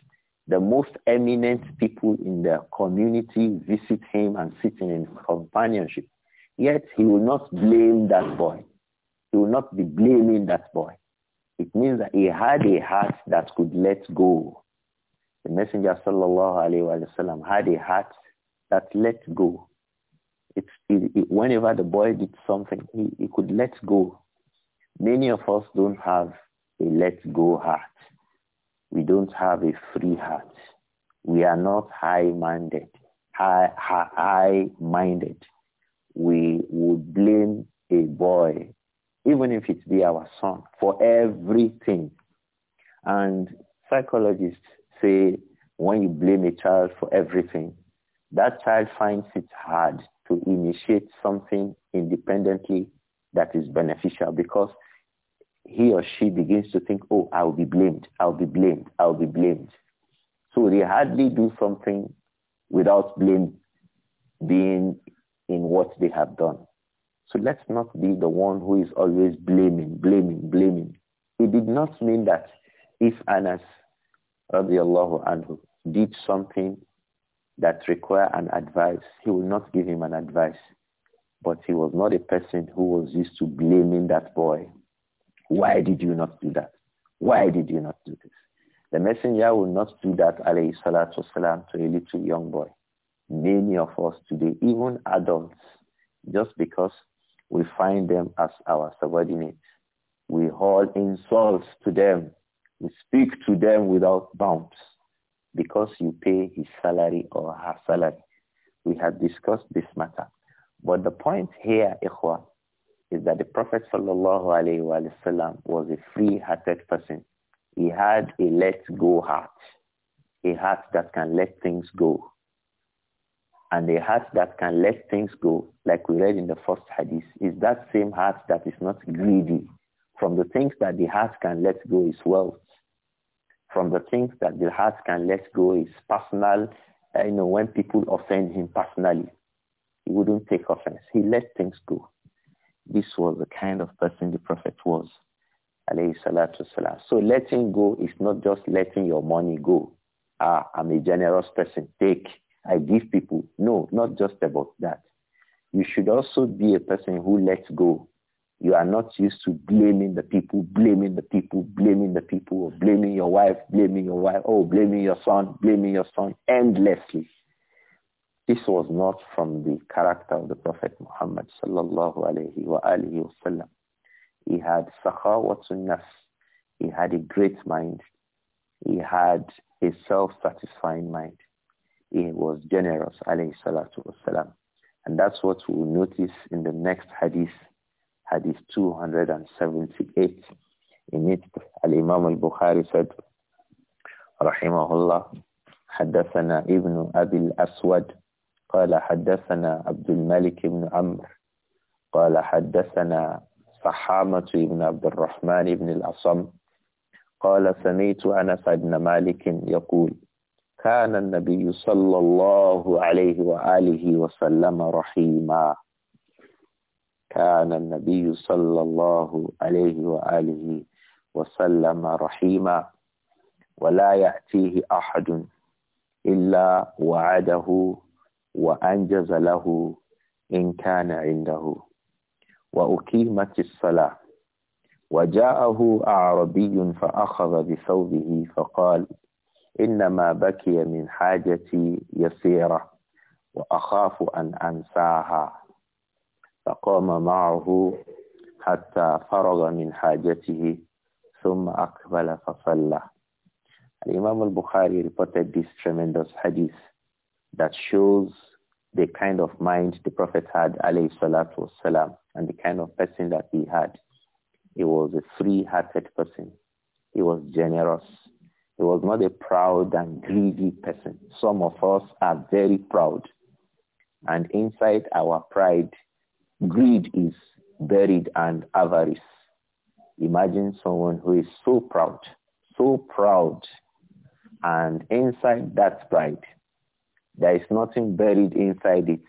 the most eminent people in the community visit him and sit in his companionship. Yet he will not blame that boy. He will not be blaming that boy. It means that he had a heart that could let go. The Messenger sallallahu alaihi had a heart that let go. It, it, it, whenever the boy did something, he, he could let go. Many of us don't have a let go heart we don't have a free heart. We are not high-minded. High, minded high minded We would blame a boy, even if it be our son, for everything. And psychologists say when you blame a child for everything, that child finds it hard to initiate something independently that is beneficial because he or she begins to think, oh, I'll be blamed, I'll be blamed, I'll be blamed. So they hardly do something without blame being in what they have done. So let's not be the one who is always blaming, blaming, blaming. It did not mean that if Anas anhu did something that require an advice, he will not give him an advice. But he was not a person who was used to blaming that boy why did you not do that? Why did you not do this? The messenger will not do that, alayhi salatu wasalam, to a little young boy. Many of us today, even adults, just because we find them as our subordinates, we haul insults to them. We speak to them without bounds because you pay his salary or her salary. We have discussed this matter. But the point here, Ikhwa, is that the Prophet wasallam was a free-hearted person. He had a let-go heart, a heart that can let things go. And a heart that can let things go, like we read in the first hadith, is that same heart that is not greedy. From the things that the heart can let go is wealth. From the things that the heart can let go is personal, you know, when people offend him personally, he wouldn't take offense. He let things go. This was the kind of person the Prophet was. So letting go is not just letting your money go. Ah, I'm a generous person. Take. I give people. No, not just about that. You should also be a person who lets go. You are not used to blaming the people, blaming the people, blaming the people, or blaming your wife, blaming your wife, oh, blaming your son, blaming your son endlessly. This was not from the character of the Prophet Muhammad sallallahu alayhi wa alihi wasallam. He had sakhawatun nafs. He had a great mind. He had a self-satisfying mind. He was generous alayhi salatu wasallam. And that's what we'll notice in the next hadith, hadith 278. In it, Al-Imam al-Bukhari said, رحمه الله حدثنا ابن أبي الأسود قال حدثنا عبد الملك بن عمرو قال حدثنا فحامة بن عبد الرحمن بن الأصم قال سمعت أنس بن مالك يقول كان النبي صلى الله عليه وآله وسلم رحيما كان النبي صلى الله عليه وآله وسلم رحيما ولا يأتيه أحد إلا وعده وأنجز له إن كان عنده وأقيمت الصلاة وجاءه أعربي فأخذ بثوبه فقال إنما بكي من حاجتي يسيرة وأخاف أن أنساها فقام معه حتى فرغ من حاجته ثم أقبل فصلى الإمام البخاري reported this tremendous hadith that shows the kind of mind the Prophet had, alayhi salatu wasalam, and the kind of person that he had. He was a free-hearted person. He was generous. He was not a proud and greedy person. Some of us are very proud. And inside our pride, greed is buried and avarice. Imagine someone who is so proud, so proud. And inside that pride, there is nothing buried inside it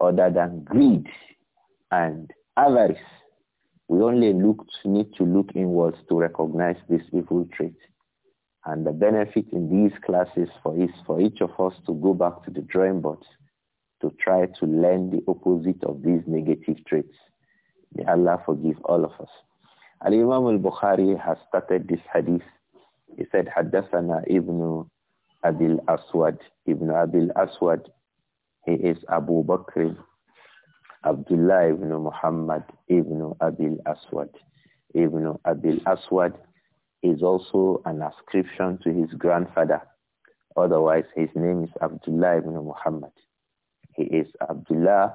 other than greed and avarice. We only look, need to look inwards to recognize this evil trait. And the benefit in these classes for is for each of us to go back to the drawing board to try to learn the opposite of these negative traits. May Allah forgive all of us. Al-Imam al-Bukhari has started this hadith. He said, حدثنا ابن Abdul Aswad. Ibn Abil Aswad, he is Abu Bakr Abdullah ibn Muhammad ibn Abil Aswad. Ibn Abil Aswad is also an ascription to his grandfather. Otherwise, his name is Abdullah ibn Muhammad. He is Abdullah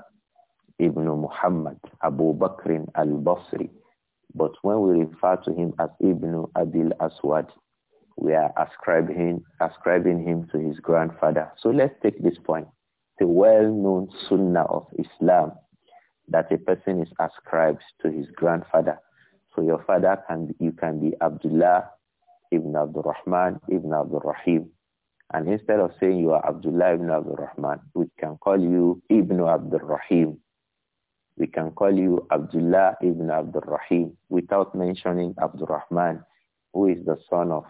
ibn Muhammad Abu Bakr al-Basri. But when we refer to him as Ibn Abil Aswad, we are ascribing, ascribing him to his grandfather. So let's take this point. the well-known sunnah of Islam that a person is ascribed to his grandfather. So your father can be, you can be Abdullah ibn Abdul Rahman ibn Abdul Rahim. And instead of saying you are Abdullah ibn Abdul Rahman, we can call you Ibn Abdul Rahim. We can call you Abdullah ibn Abdul Rahim without mentioning Abdul Rahman, who is the son of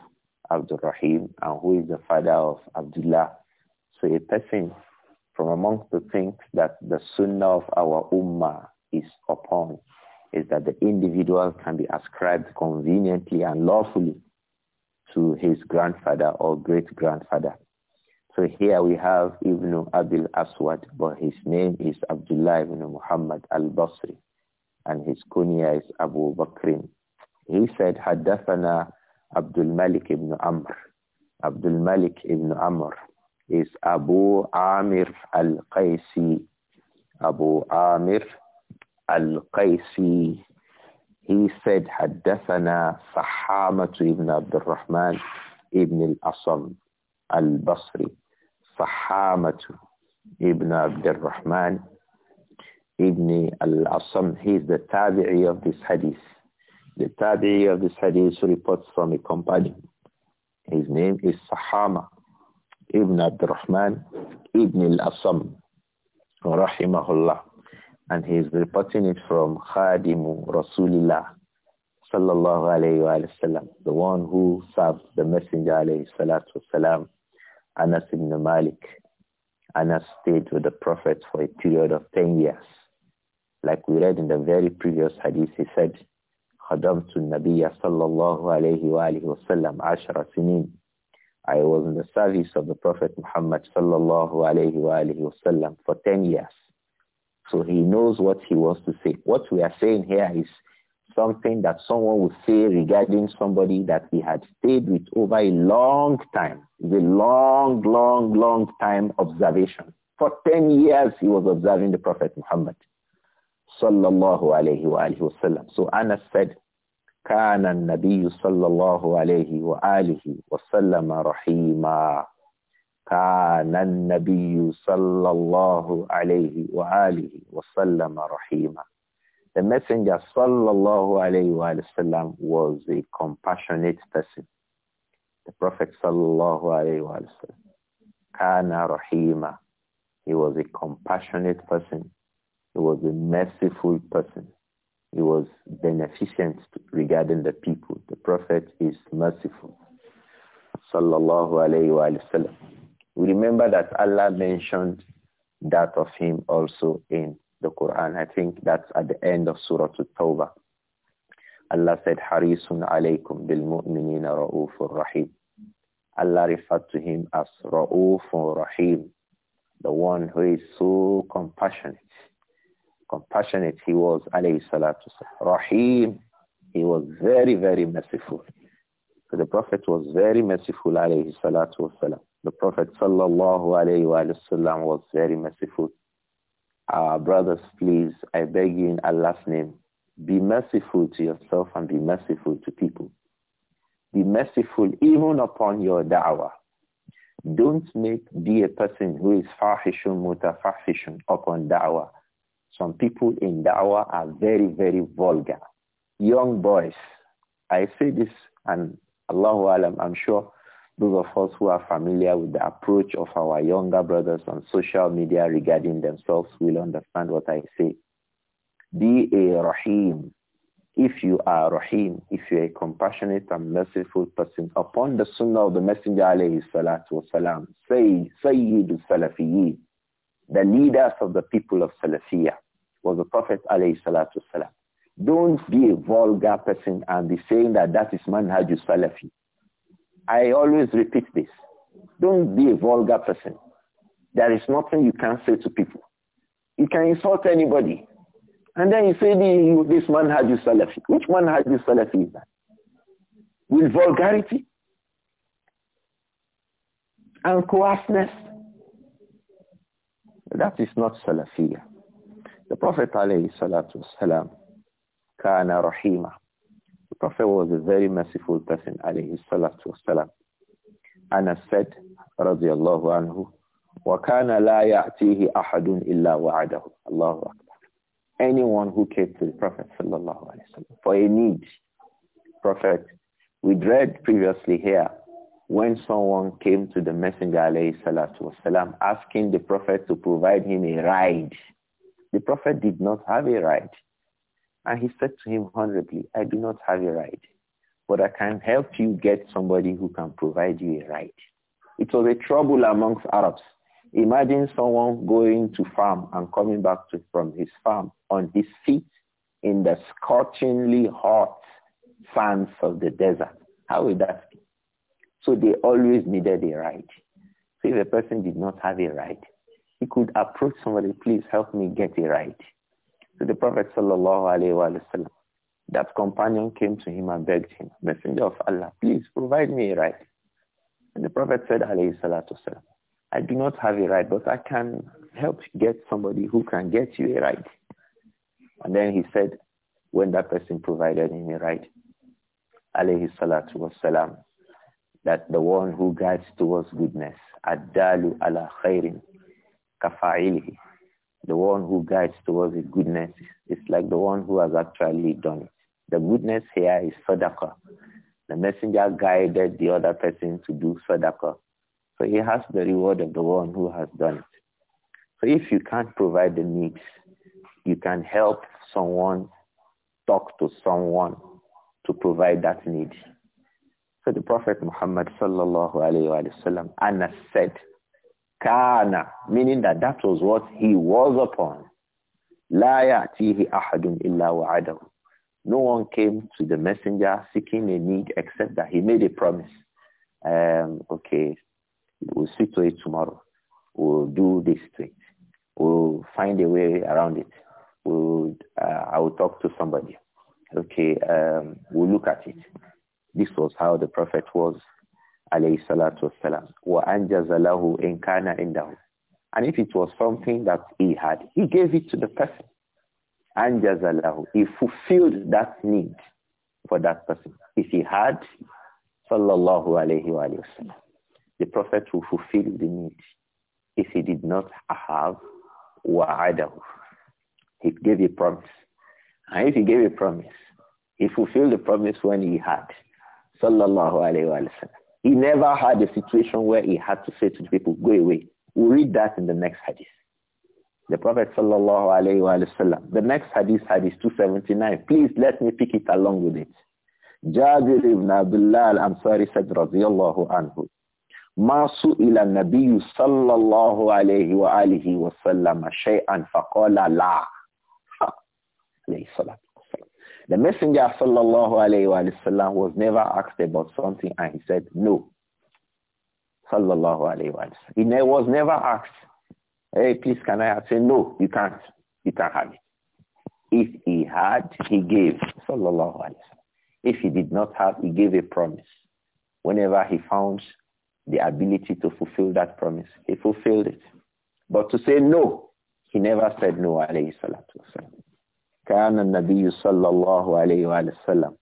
Abdul Rahim and who is the father of Abdullah. So a person from amongst the things that the sunnah of our ummah is upon is that the individual can be ascribed conveniently and lawfully to his grandfather or great-grandfather. So here we have Ibn Abil Aswad, but his name is Abdullah ibn Muhammad al-Basri, and his kunya is Abu Bakrin. He said, حدثنا Abdul Malik ibn Amr. Abdul Malik ibn Amr is Abu Amir al أبو Abu Amir al He said, حدثنا صحامة ibn عبد الرحمن ibn al-Asam al-Basri. صحامة ibn عبد الرحمن ibn al-Asam. He is the tabi'i of this hadith. The tabi of this hadith reports from a companion. His name is Sahama ibn Abdurrahman ibn al-Asam, rahimahullah. And he is reporting it from Khadimu Rasulillah, sallallahu alayhi wa sallam, the one who served the messenger, alayhi salatu wasalam, Anas ibn Malik. Anas stayed with the Prophet for a period of 10 years. Like we read in the very previous hadith, he said, خدمت النبي صلى الله عليه وآله وسلم عشر سنين I was in the service of the Prophet Muhammad صلى الله عليه وآله وسلم for 10 years. So he knows what he wants to say. What we are saying here is something that someone would say regarding somebody that he had stayed with over a long time. It's a long, long, long time observation. For 10 years he was observing the Prophet Muhammad sallallahu alayhi wa alihi wasallam. So Anas said, كان النبي صلى الله عليه wasallam وسلم رحيما كان النبي sallallahu الله عليه وآله The messenger Sallallahu Alaihi Wasallam was a compassionate person. The Prophet Sallallahu Alaihi Wasallam وآله وسلم كان He was a compassionate person. He was a merciful person. He was beneficent regarding the people. The Prophet is merciful. Sallallahu alayhi wa, sallam. We remember that Allah mentioned that of him also in the Quran. I think that's at the end of Surah At-Tawbah. Allah said, Harisun alaykum bil mu'minina ra'ufur rahim. Allah referred to him as Ra'ufur Rahim, the one who is so compassionate compassionate he was, alayhi salatu Rahim, he was very, very merciful. So the Prophet was very merciful, alayhi salatu wasalam. The Prophet sallallahu alayhi wa sallam was very merciful. Ah, brothers, please, I beg you in Allah's name, be merciful to yourself and be merciful to people. Be merciful even upon your da'wah. Don't make be a person who is fahishun mutafahishun upon da'wah some people in Dawa are very, very vulgar. Young boys. I say this and Allahu Alam, I'm sure those of us who are familiar with the approach of our younger brothers on social media regarding themselves will understand what I say. Be a Rahim. If you are Rahim, if you're a compassionate and merciful person, upon the sunnah of the Messenger alayhi salatu wasalam, say Sayyid salafiyin the leaders of the people of Salafiyah was the Prophet alayhi salatu salam. Don't be a vulgar person and be saying that that is manhajus salafi. I always repeat this. Don't be a vulgar person. There is nothing you can say to people. You can insult anybody. And then you say this manhajus salafi. Which manhajus salafi is that? With vulgarity and coarseness. That is not salafiyah. The Prophet والسلام, kana rahima. The Prophet was a very merciful person alayhi salatu wasalam. Anas said, radiallahu anhu, وَكَانَ لَا يَأْتِيهِ أَحَدٌ إِلَّا وَعَدَهُ Allahu Akbar. Anyone who came to the Prophet sallallahu alayhi wasallam for a need, Prophet, we read previously here when someone came to the Messenger alayhi salatu wasalam asking the Prophet to provide him a ride the Prophet did not have a ride. And he said to him honorably, I do not have a ride, but I can help you get somebody who can provide you a ride. It was a trouble amongst Arabs. Imagine someone going to farm and coming back to, from his farm on his feet in the scorchingly hot sands of the desert. How would that be? So they always needed a ride. So if a person did not have a ride, he could approach somebody, please help me get a ride. So the Prophet sallallahu that companion came to him and begged him, Messenger of Allah, please provide me a ride. And the Prophet said, alayhi I do not have a ride, but I can help get somebody who can get you a ride. And then he said, when that person provided him a ride, alayhi salatu wasalam, that the one who guides towards goodness, adalu ala khairin كَفَاعِلِهِ The one who guides towards the goodness is like the one who has actually done it. The goodness here is sadaqah. The messenger guided the other person to do sadaqah. So he has the reward of the one who has done it. So if you can't provide the needs, you can help someone, talk to someone to provide that need. So the Prophet Muhammad sallallahu alayhi wa sallam, Anas said, Kana, meaning that that was what he was upon. La ya'tihi ahadun illa wa'adahu. No one came to the messenger seeking a need except that he made a promise. Um, okay, we'll see to it tomorrow. We'll do this to it. We'll find a way around it. We'll, uh, I will talk to somebody. Okay, um, we'll look at it. This was how the prophet was alayhi salatu wasalam, وَأَنْجَزَ لَهُ إِنْ كَانَ إِنْدَهُ And if it was something that he had, he gave it to the person. أَنْجَزَ لَهُ He fulfilled that need for that person. If he had, sallallahu alayhi wa sallam, the Prophet will fulfill the need. If he did not have, وَعَدَهُ He gave a promise. And if he gave a promise, he fulfilled the promise when he had. Sallallahu alayhi wa sallam. He never had a situation where he had to say to the people, go away. We'll read that in the next hadith. The Prophet sallallahu alayhi wa sallam. The next hadith, hadith 279. Please let me pick it along with it. Jabir ibn Abdullah al-Ansari said radiyallahu anhu. ما سئل النبي صلى الله عليه وآله وسلم shay'an فقال la." عليه الصلاة the Messenger sallallahu alayhi wa, sallam, was never asked about something and he said no. Sallallahu alayhi wa, alayhi He was never asked, hey, please can I have? Say no, you can't. You can't have it. If he had, he gave. Sallallahu alayhi wa If he did not have, he gave a promise. Whenever he found the ability to fulfill that promise, he fulfilled it. But to say no, he never said no, alayhi salatu sallam. كان النبي صلى الله عليه وسلم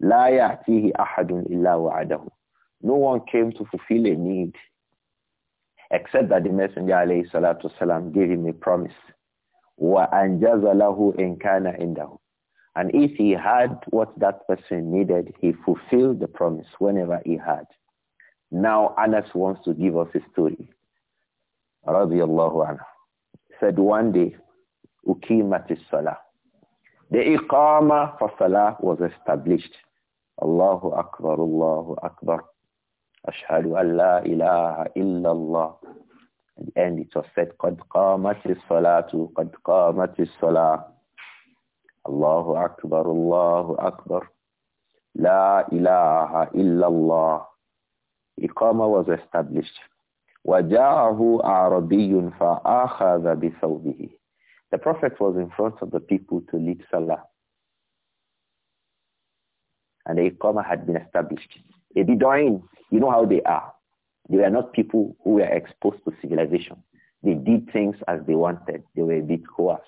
لا يأتيه أحد إلا وعده No one came to fulfill a need except that the Messenger عليه الصلاة والسلام gave him a promise وأنجز له إن كان عنده And if he had what that person needed, he fulfilled the promise whenever he had. Now Anas wants to give us a story. Radiallahu anhu. said one day, Ukimatis the iqama for salah was established. Allahu Akbar, Allahu Akbar. Ashhadu an la ilaha illallah. At the end it was said, قَدْ قَامَتِ الصَّلَاةُ قَدْ قَامَتِ الصَّلَاةُ Allahu Akbar, Allahu Akbar. La ilaha illallah. Iqama was established. وَجَاءَهُ أَعْرَبِيٌّ فَأَخَذَ بِثَوْبِهِ the Prophet was in front of the people to lead Salah. And the Iqamah had been established. A Bidoin, you know how they are. They were not people who were exposed to civilization. They did things as they wanted. They were a bit coarse.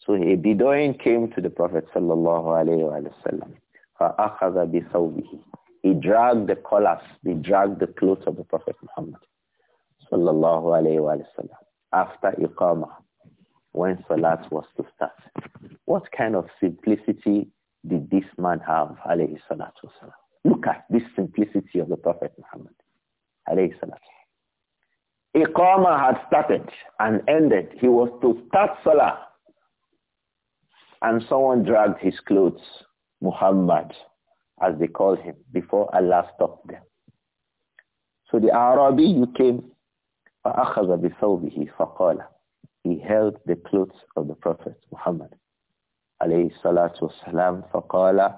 So a Bidoin came to the Prophet sallallahu alaihi wasallam. He dragged the collars, he dragged the clothes of the Prophet Muhammad sallallahu alaihi wasallam after Iqamah when Salat was to start. What kind of simplicity did this man have, alayhi salatu wasalam? Look at this simplicity of the Prophet Muhammad, alayhi salatu Iqama had started and ended. He was to start Salah. And someone dragged his clothes, Muhammad, as they call him, before Allah stopped them. So the Arabi came فأخذ بثوبه فقال he held the clothes of the Prophet Muhammad alayhi salatu wasalam faqala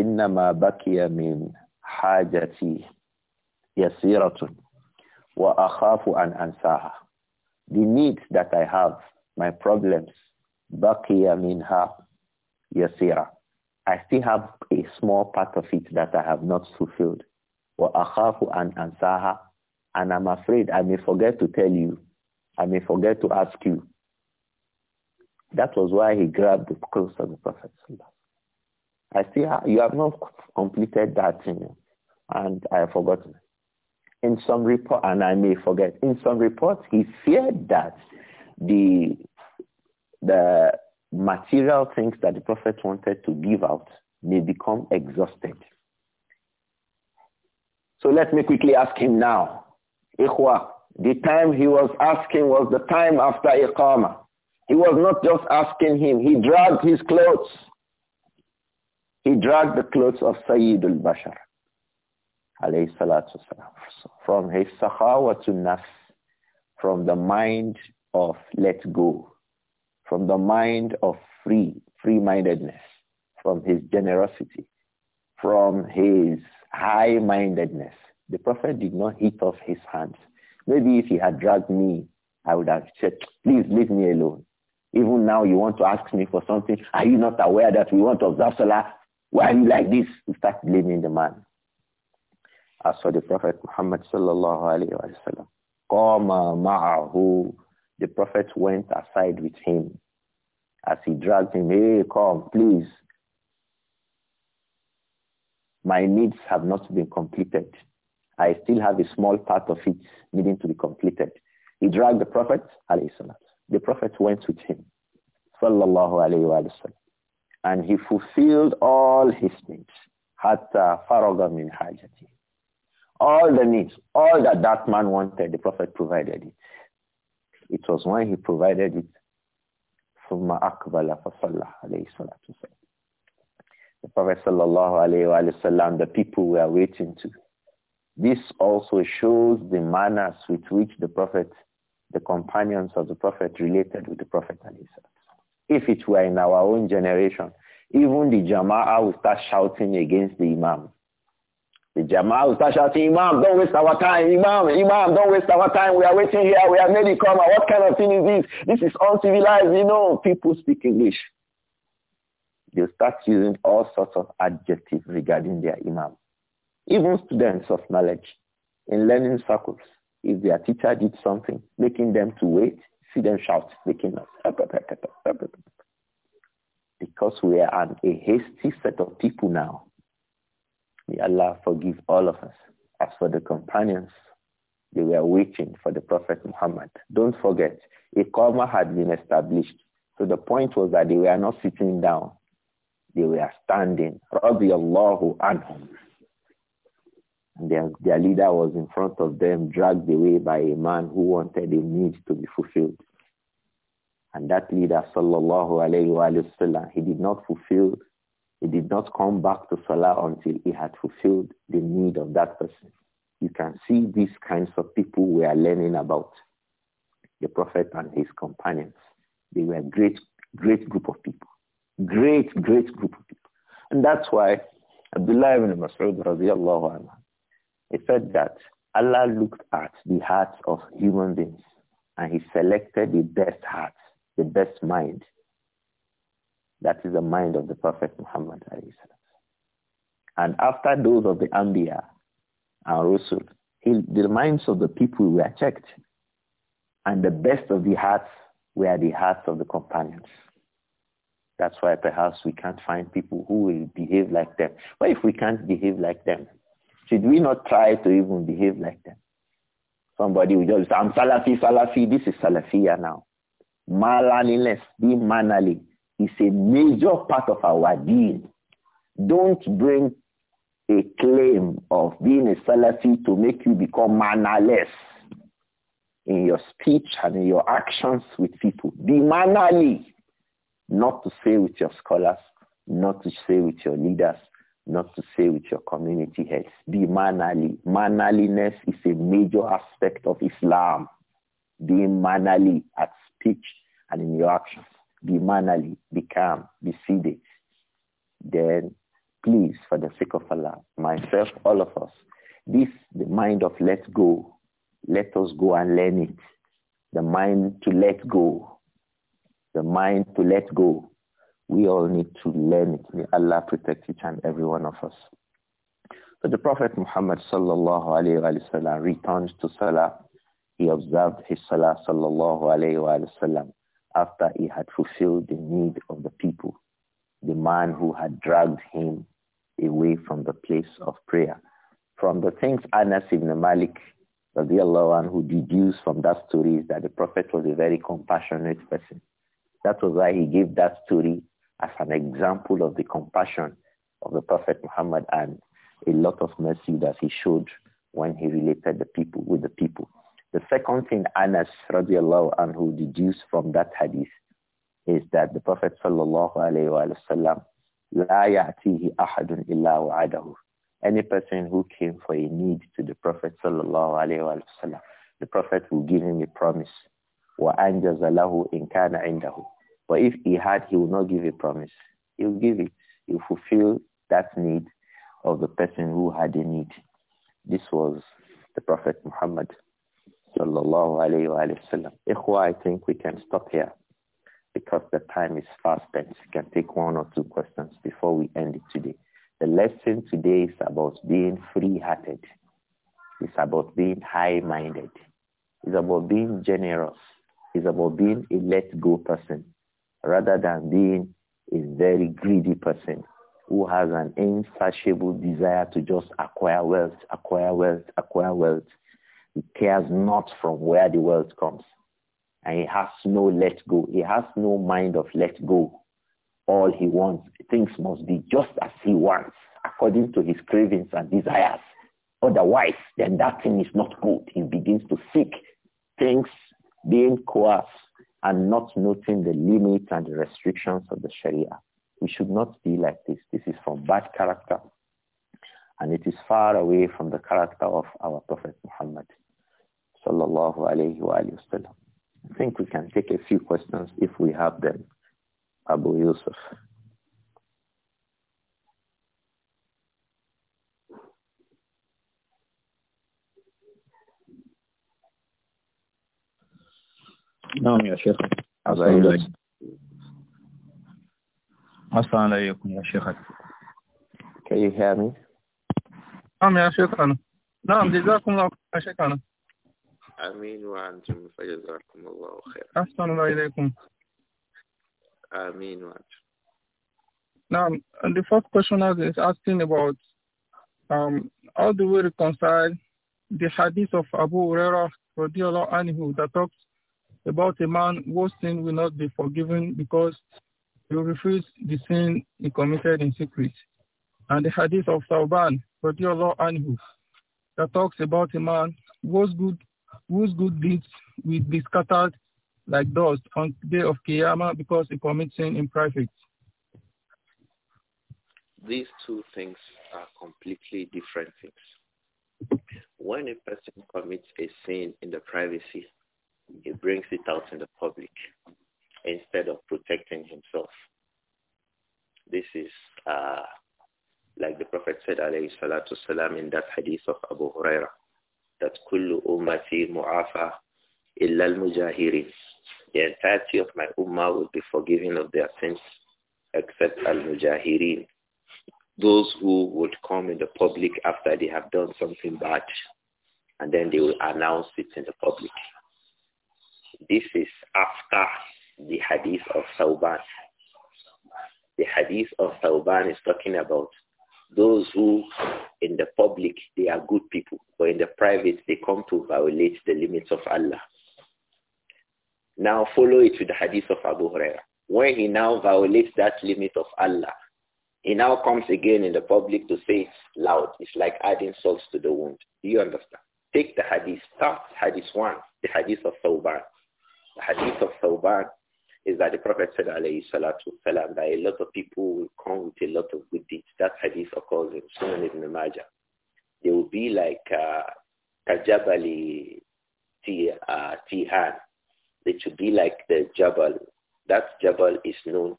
innama bakiya min hajati yasiratun wa akhafu an ansaha the needs that I have my problems bakiya minha yasira I still have a small part of it that I have not fulfilled wa akhafu an ansaha and I'm afraid I may forget to tell you I may forget to ask you. That was why he grabbed the clothes of the Prophet. I see you have not completed that thing, and I have forgotten. In some report, and I may forget. In some reports, he feared that the the material things that the prophet wanted to give out may become exhausted. So let me quickly ask him now, the time he was asking was the time after Iqama. He was not just asking him. He dragged his clothes. He dragged the clothes of Sayyid al-Bashar alayhi salatu from his sakhawa to nafs, from the mind of let go, from the mind of free, free-mindedness, from his generosity, from his high-mindedness. The Prophet did not hit off his hands. Maybe if he had dragged me, I would have said, please leave me alone. Even now you want to ask me for something. Are you not aware that we want to observe Salah? Why are you like this? You start blaming the man. As for the Prophet Muhammad sallallahu alayhi wa sallam, qama ma'ahu. The Prophet went aside with him. As he dragged him, hey, come, please. My needs have not been completed. I still have a small part of it needing to be completed. He dragged the Prophet, The Prophet went with him, And he fulfilled all his needs, hatta All the needs, all that that man wanted, the Prophet provided it. It was when he provided it, ثم The Prophet sallallahu alayhi wa sallam, the people were waiting to this also shows the manners with which the Prophet, the companions of the Prophet related with the Prophet. If it were in our own generation, even the Jama'ah will start shouting against the Imam. The Jama'ah will start shouting, Imam, don't waste our time. Imam, Imam, don't waste our time. We are waiting here. We have made it come. What kind of thing is this? This is uncivilized. You know, people speak English. They start using all sorts of adjectives regarding their Imam. Even students of knowledge in learning circles, if their teacher did something, making them to wait, see them shout, making us because we are an, a hasty set of people now. May Allah forgive all of us. As for the companions, they were waiting for the Prophet Muhammad. Don't forget, a Iqama had been established. So the point was that they were not sitting down. They were standing. Radiallahu anhum. Their, their leader was in front of them, dragged away by a man who wanted a need to be fulfilled. And that leader, sallallahu alayhi wa, sallam, he did not fulfill, he did not come back to Salah until he had fulfilled the need of that person. You can see these kinds of people we are learning about. The Prophet and his companions. They were a great, great group of people. Great, great group of people. And that's why Abdullah ibn Mas'ud radiallahu anhu, he said that Allah looked at the hearts of human beings and he selected the best heart, the best mind. That is the mind of the Prophet Muhammad. And after those of the Ambiya and Rasul, the minds of the people were checked. And the best of the hearts were the hearts of the companions. That's why perhaps we can't find people who will behave like them. But if we can't behave like them, should we not try to even behave like them? Somebody will just say, I'm Salafi, Salafi. This is Salafia now. Manliness, be manly is a major part of our deen. Don't bring a claim of being a Salafi to make you become mannerless in your speech and in your actions with people. Be mannerly, not to say with your scholars, not to say with your leaders, not to say with your community heads. Be mannerly. Mannerliness is a major aspect of Islam. Be mannerly at speech and in your actions. Be mannerly, be calm, be seated. Then please, for the sake of Allah, myself, all of us, this, the mind of let go, let us go and learn it. The mind to let go. The mind to let go. We all need to learn it. May Allah protect each and every one of us. So the Prophet Muhammad sallallahu alayhi wa sallam returned to Salah. He observed his Salah sallallahu alayhi wa sallam after he had fulfilled the need of the people, the man who had dragged him away from the place of prayer. From the things Anas ibn Malik radiallahu who deduced from that story is that the Prophet was a very compassionate person. That was why he gave that story as an example of the compassion of the Prophet Muhammad and a lot of mercy that he showed when he related the people with the people. The second thing Anas radiallahu anhu deduced from that hadith is that the Prophet sallallahu alayhi wa sallam لا يأتيه أحد إلا وعده Any person who came for a need to the Prophet sallallahu alayhi wa sallam, the Prophet will give him a promise. وَأَنْجَزَ لَهُ إِنْ كَانَ عِنْدَهُ but if he had, he would not give a promise. He'll give it. He'll fulfill that need of the person who had a need. This was the Prophet Muhammad sallallahu alayhi Ikhwa, I think we can stop here because the time is fast spent. We can take one or two questions before we end it today. The lesson today is about being free-hearted. It's about being high-minded. It's about being generous. It's about being a let-go person rather than being a very greedy person who has an insatiable desire to just acquire wealth, acquire wealth, acquire wealth. He cares not from where the wealth comes. And he has no let go. He has no mind of let go. All he wants, things must be just as he wants, according to his cravings and desires. Otherwise, then that thing is not good. He begins to seek things being coerced and not noting the limits and the restrictions of the Sharia. We should not be like this. This is from bad character. And it is far away from the character of our Prophet Muhammad. Sallallahu alayhi wa I think we can take a few questions if we have them. Abu Yusuf. نعم يا شيخ السلام عليكم السلام عليكم يا شيخ Can you hear me? نعم يا شيخنا نعم جزاكم الله يا شيخنا آمين وأنتم فجزاكم الله خير أحسن الله إليكم آمين وأنتم نعم and the first question is asking about um, how do we reconcile the hadith of Abu Hurairah radiallahu anhu that talks about a man whose sin will not be forgiven because he refused the sin he committed in secret. And the hadith of Tauban, radiallahu anhu, that talks about a man whose good, whose good deeds will be scattered like dust on the day of Qiyamah because he commits sin in private. These two things are completely different things. When a person commits a sin in the privacy, he brings it out in the public instead of protecting himself. This is uh, like the Prophet said alayhi salatu salam in that hadith of Abu Huraira that kullu ummati mu'afa illa al-mujahirin. The entirety of my ummah will be forgiven of their sins except al-mujahirin. Those who would come in the public after they have done something bad and then they will announce it in the public. This is after the hadith of Sauban. The hadith of Sauban is talking about those who in the public, they are good people, but in the private, they come to violate the limits of Allah. Now follow it with the hadith of Abu Huraira. When he now violates that limit of Allah, he now comes again in the public to say it loud. It's like adding salt to the wound. Do you understand? Take the hadith. Start hadith 1, the hadith of Sauban. The hadith of Thawban is that the Prophet said, alayhi salatu salam, that a lot of people will come with a lot of good deeds. That hadith occurs in Sunan ibn Majah. They will be like uh, Kajabali uh, Tihan. They should be like the Jabal. That Jabal is known.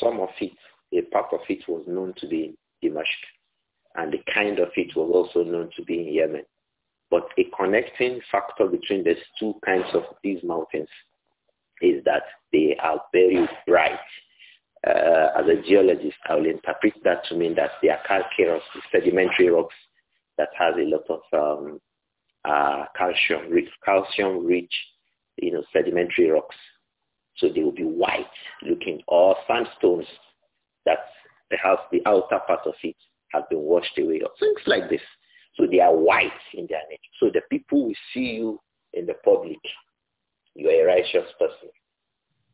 Some of it, a part of it was known to be in Damascus. And the kind of it was also known to be in Yemen. But a connecting factor between these two kinds of these mountains is that they are very bright. Uh, as a geologist, I will interpret that to mean that they are calcareous, sedimentary rocks that has a lot of um, uh, calcium, rich, calcium rich, you know, sedimentary rocks. So they will be white looking or sandstones that perhaps the outer part of it has been washed away or things like this. So they are white in their nature. So the people will see you in the public. You are a righteous person.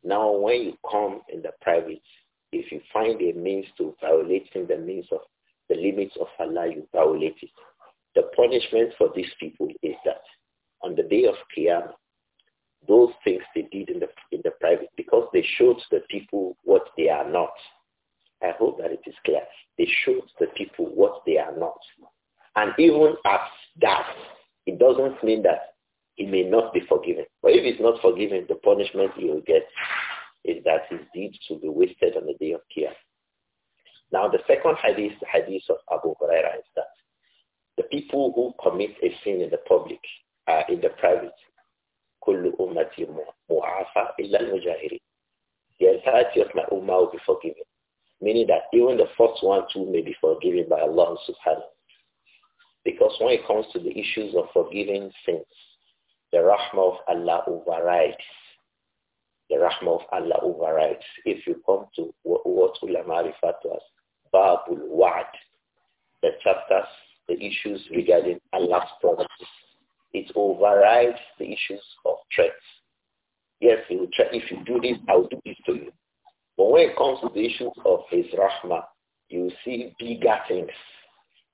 Now when you come in the private, if you find a means to violating the means of the limits of Allah, you violate it. The punishment for these people is that on the day of Qiyamah, those things they did in the in the private because they showed the people what they are not. I hope that it is clear. They showed the people what they are not. And even as that, it doesn't mean that he may not be forgiven. But if he's not forgiven, the punishment he will get is that his deeds will be wasted on the day of Qiyam. Now the second hadith, the hadith of Abu Huraira is that the people who commit a sin in the public, uh, in the private, كل أمتي معافى إلا المجاهرين. The entirety of my ummah will be forgiven. Meaning that even the first one too may be forgiven by Allah subhanahu because when it comes to the issues of forgiving sins, the rahmah of Allah overrides. The rahmah of Allah overrides. If you come to what ulama refer to as Babul Wa'ad, the chapters, the issues regarding Allah's promises, it overrides the issues of threats. Yes, will if you do this, I will do this to you. But when it comes to the issues of His rahmah, you see bigger things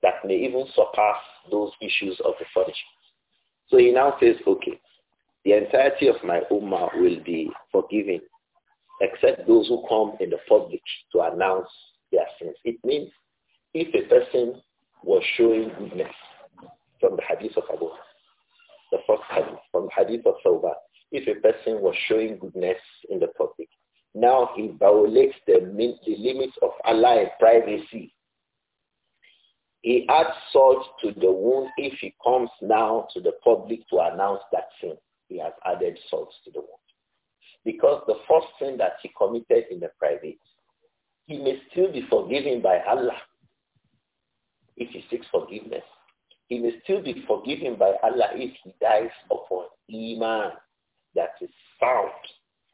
that may even surpass those issues of the furniture. So he now says, okay, the entirety of my ummah will be forgiven, except those who come in the public to announce their sins. It means if a person was showing goodness from the hadith of Abu, the first hadith, from the hadith of Sawbah, if a person was showing goodness in the public, now he violates the, the limits of Allah in privacy he adds salt to the wound if he comes now to the public to announce that sin. He has added salt to the wound. Because the first sin that he committed in the private, he may still be forgiven by Allah if he seeks forgiveness. He may still be forgiven by Allah if he dies upon Iman that is sound.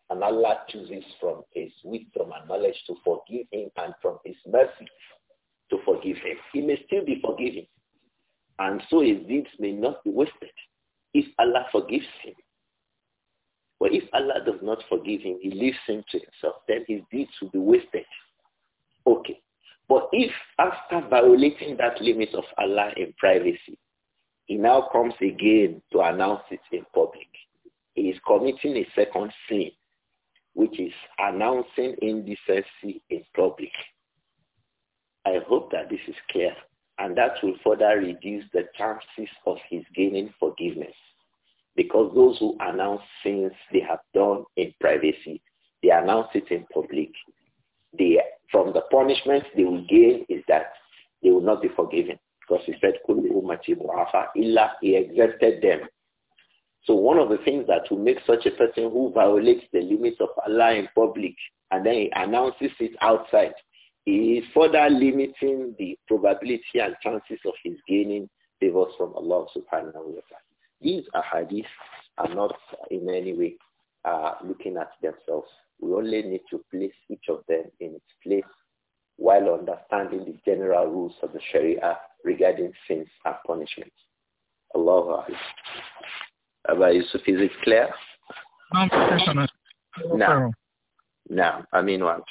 And Allah chooses from his wisdom and knowledge to forgive him and from his mercy to forgive him. He may still be forgiven. And so his deeds may not be wasted if Allah forgives him. But if Allah does not forgive him, he leaves him to himself, then his deeds will be wasted. Okay. But if after violating that limit of Allah in privacy, he now comes again to announce it in public, he is committing a second sin, which is announcing indecency in public. I hope that this is clear. And that will further reduce the chances of his gaining forgiveness. Because those who announce sins they have done in privacy, they announce it in public. They, from the punishment they will gain is that they will not be forgiven. Because he said, illa, he exempted them. So one of the things that will make such a person who violates the limits of Allah in public and then he announces it outside, is further limiting the probability and chances of his gaining favors from Allah subhanahu wa ta'ala. These ahadith are not in any way uh, looking at themselves. We only need to place each of them in its place while understanding the general rules of the Sharia regarding sins and punishments. Allah Abba Yusuf, is it clear? No, no, no. I mean what?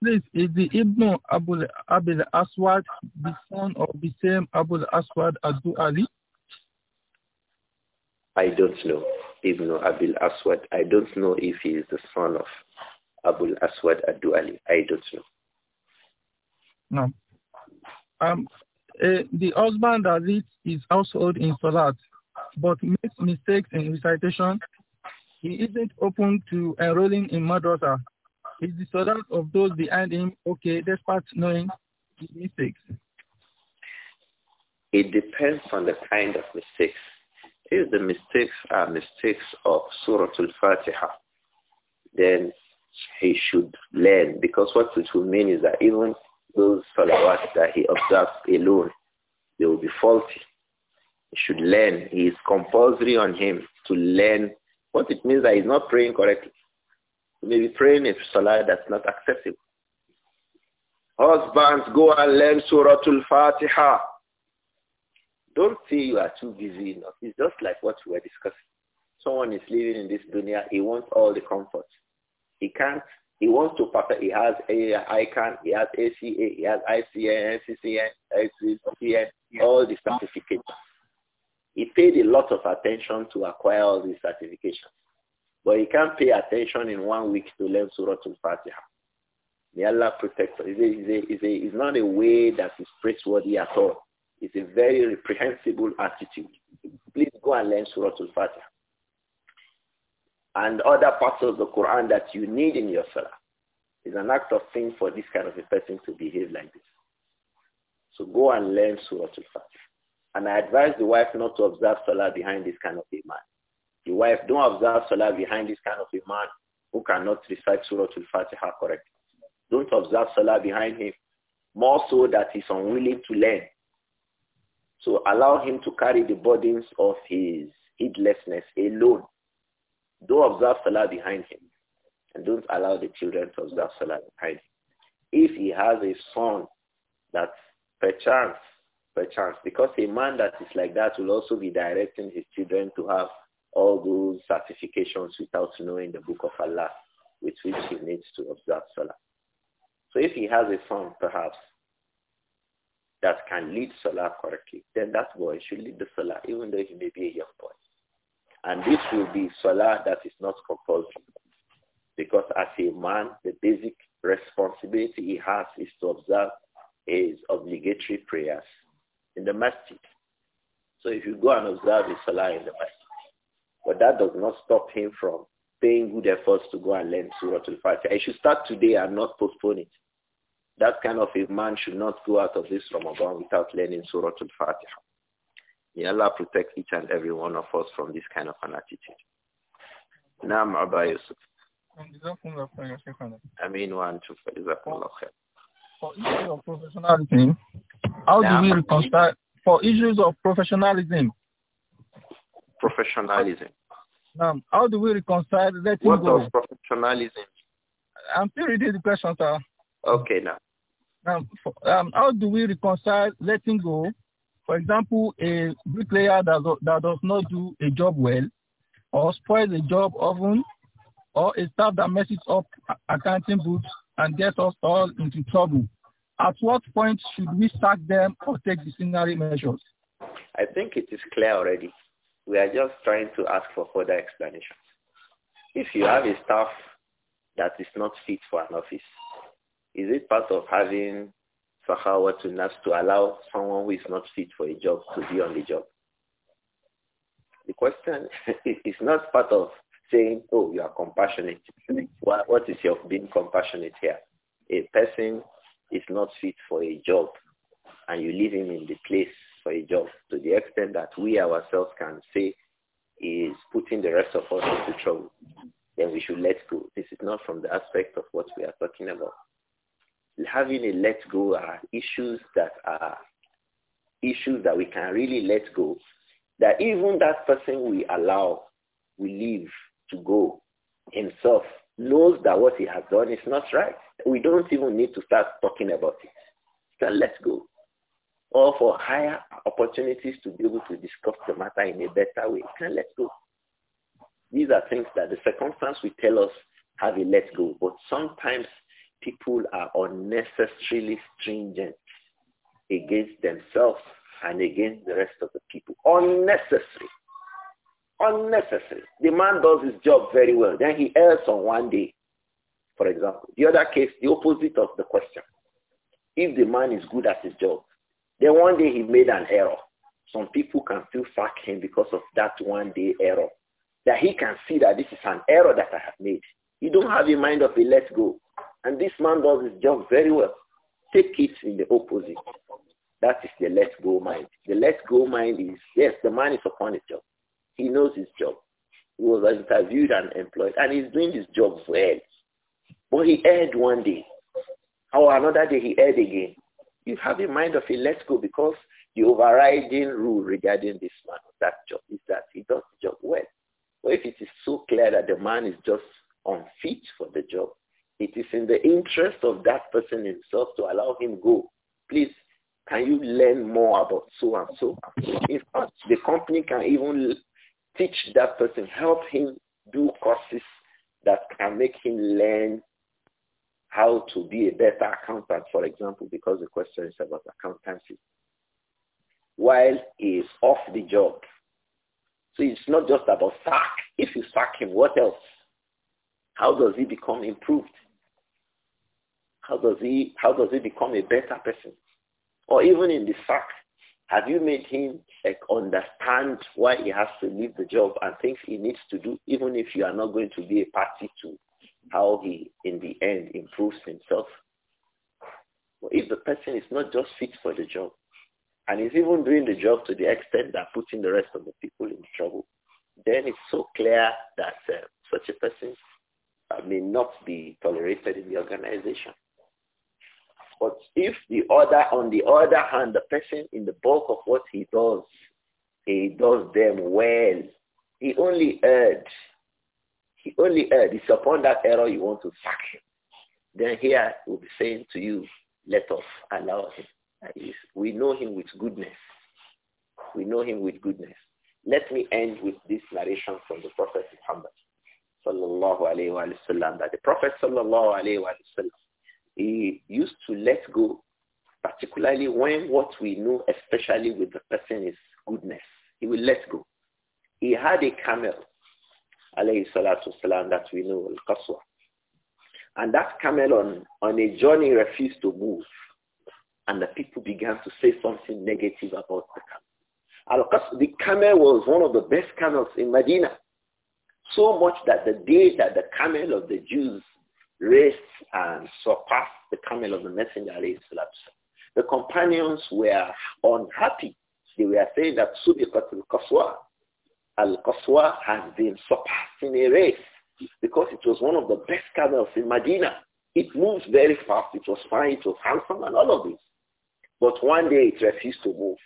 this is the Ibn Abu Abil Aswad, the son of the same Abu Aswad Abu Ali? I don't know. Ibn Abil Aswad. I don't know if he is the son of Abu Aswad Adu Ali. I don't know. No. Um, uh, the husband that leads his household in Salat, but makes mistakes in recitation, he isn't open to enrolling in Madrasa is the salat of those behind him okay despite knowing his mistakes? It depends on the kind of mistakes. If the mistakes are mistakes of Surah Al-Fatiha, then he should learn because what it will mean is that even those salawat that he observes alone, they will be faulty. He should learn. It is compulsory on him to learn what it means that he's not praying correctly. You may be praying a salah that's not accessible. Husbands, go and learn Surah Al-Fatiha. Don't say you are too busy enough. It's just like what we were discussing. Someone is living in this dunya. He wants all the comfort. He can't. He wants to perfect. He has ICANN. He has ACA. He has ICN, NCCN, ICCN, all the certificates. He paid a lot of attention to acquire all these certifications. But you can't pay attention in one week to learn Surah Al-Fatiha. May Allah protect us. It's, a, it's, a, it's not a way that is praiseworthy at all. It's a very reprehensible attitude. Please go and learn Surah Al-Fatiha and other parts of the Quran that you need in your salah. It's an act of sin for this kind of a person to behave like this. So go and learn Surah Al-Fatiha. And I advise the wife not to observe salah behind this kind of a man. The wife, don't observe Salah behind this kind of a man who cannot recite Surah Al-Fatiha correctly. Don't observe Salah behind him. More so that he's unwilling to learn. So allow him to carry the burdens of his heedlessness alone. Don't observe Salah behind him. And don't allow the children to observe Salah behind him. If he has a son that perchance, perchance, because a man that is like that will also be directing his children to have all those certifications without knowing the book of Allah with which he needs to observe Salah. So if he has a son, perhaps, that can lead Salah correctly, then that boy should lead the Salah, even though he may be a young boy. And this will be Salah that is not compulsory. Because as a man, the basic responsibility he has is to observe his obligatory prayers in the masjid. So if you go and observe the Salah in the masjid, but that does not stop him from paying good efforts to go and learn Surah Al-Fatiha. I should start today and not postpone it. That kind of a man should not go out of this Ramadan without learning Surah Al-Fatiha. May Allah protect each and every one of us from this kind of an attitude. Naam Abba Yusuf. Ameen wa antum For issues of professionalism, how do we reconcile for issues of professionalism? Professionalism. Now, um, how do we reconcile letting what go? What of professionalism? I'm still reading the question, sir. Okay, now. Um, um, how do we reconcile letting go? For example, a bricklayer that, that does not do a job well, or spoils a job often, or a staff that messes up accounting books and gets us all into trouble. At what point should we sack them or take disciplinary measures? I think it is clear already. We are just trying to ask for further explanations. If you have a staff that is not fit for an office, is it part of having Sahawa to nurse to allow someone who is not fit for a job to be on the job? The question [LAUGHS] is not part of saying, oh, you are compassionate. what is your being compassionate here? A person is not fit for a job and you leave him in the place for a job to the extent that we ourselves can say is putting the rest of us into trouble, then we should let go. This is not from the aspect of what we are talking about. Having a let go are issues that are issues that we can really let go, that even that person we allow, we leave to go himself knows that what he has done is not right. We don't even need to start talking about it. So let's go or for higher opportunities to be able to discuss the matter in a better way, can let go. These are things that the circumstance will tell us have a let go. But sometimes people are unnecessarily stringent against themselves and against the rest of the people. Unnecessary. Unnecessary. The man does his job very well. Then he errs on one day, for example. The other case, the opposite of the question. If the man is good at his job, then one day he made an error. Some people can still fuck him because of that one day error. That he can see that this is an error that I have made. You don't have a mind of a let go. And this man does his job very well. Take it in the opposite. That is the let go mind. The let go mind is, yes, the man is upon his job. He knows his job. He was interviewed and employed, and he's doing his job well. But he erred one day. Or another day he erred again. You have in mind of a let's go because the overriding rule regarding this man, that job, is that he does the job well. But if it is so clear that the man is just unfit for the job, it is in the interest of that person himself to allow him go. Please, can you learn more about so and so? In fact, the company can even teach that person, help him do courses that can make him learn how to be a better accountant, for example, because the question is about accountancy, while he's off the job. So it's not just about sack. If you sack him, what else? How does he become improved? How does he, how does he become a better person? Or even in the sack, have you made him like, understand why he has to leave the job and things he needs to do, even if you are not going to be a party to how he in the end improves himself. But if the person is not just fit for the job and is even doing the job to the extent that putting the rest of the people in trouble, then it's so clear that uh, such a person uh, may not be tolerated in the organization. But if the other, on the other hand, the person in the bulk of what he does, he does them well. He only erred he only erred. It's upon that error you want to sack him. Then here we'll be saying to you, let us allow him. we know him with goodness. We know him with goodness. Let me end with this narration from the Prophet Muhammad sallallahu alayhi wa sallam that the Prophet sallallahu alayhi wa sallam he used to let go particularly when what we know especially with the person is goodness. He will let go. He had a camel alayhi salatu that we know, al-qaswa. And that camel on, on a journey refused to move. And the people began to say something negative about the camel. Al-qaswa, the camel was one of the best camels in Medina. So much that the day that the camel of the Jews raced and surpassed the camel of the messenger, alayhi salatu the companions were unhappy. They were saying that al Qaswa, Al-Qaswa has been surpassed in a race because it was one of the best camels in Medina. It moves very fast. It was fine. It was handsome and all of this. But one day it refused to move.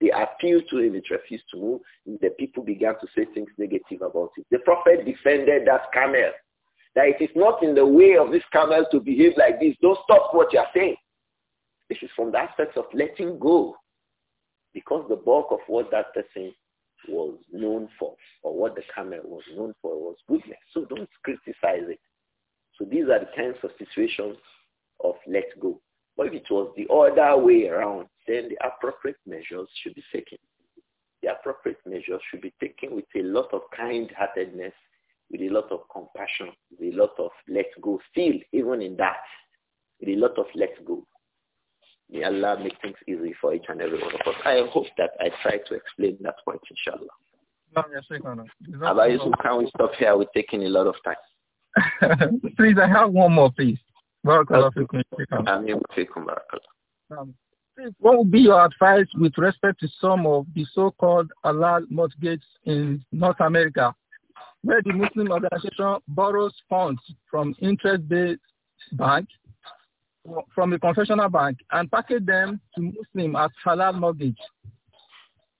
They appealed to him. It refused to move. and The people began to say things negative about it. The prophet defended that camel. That it is not in the way of this camel to behave like this. Don't stop what you are saying. This is from the aspect of letting go. Because the bulk of what that person was known for or what the camel was known for was goodness. So don't criticize it. So these are the kinds of situations of let go. But if it was the other way around, then the appropriate measures should be taken. The appropriate measures should be taken with a lot of kind-heartedness, with a lot of compassion, with a lot of let go still, even in that, with a lot of let go. May Allah make things easy for each and every one of us. I hope that I try to explain that point, inshallah. Abba Yusuf, can we stop here? We're taking a lot of time. [LAUGHS] please, I have one more, please. Barakallah um, please, what would be your advice with respect to some of the so-called halal mortgages in North America, where the Muslim organization borrows funds from interest-based banks from a confessional bank and package them to Muslims as halal mortgage.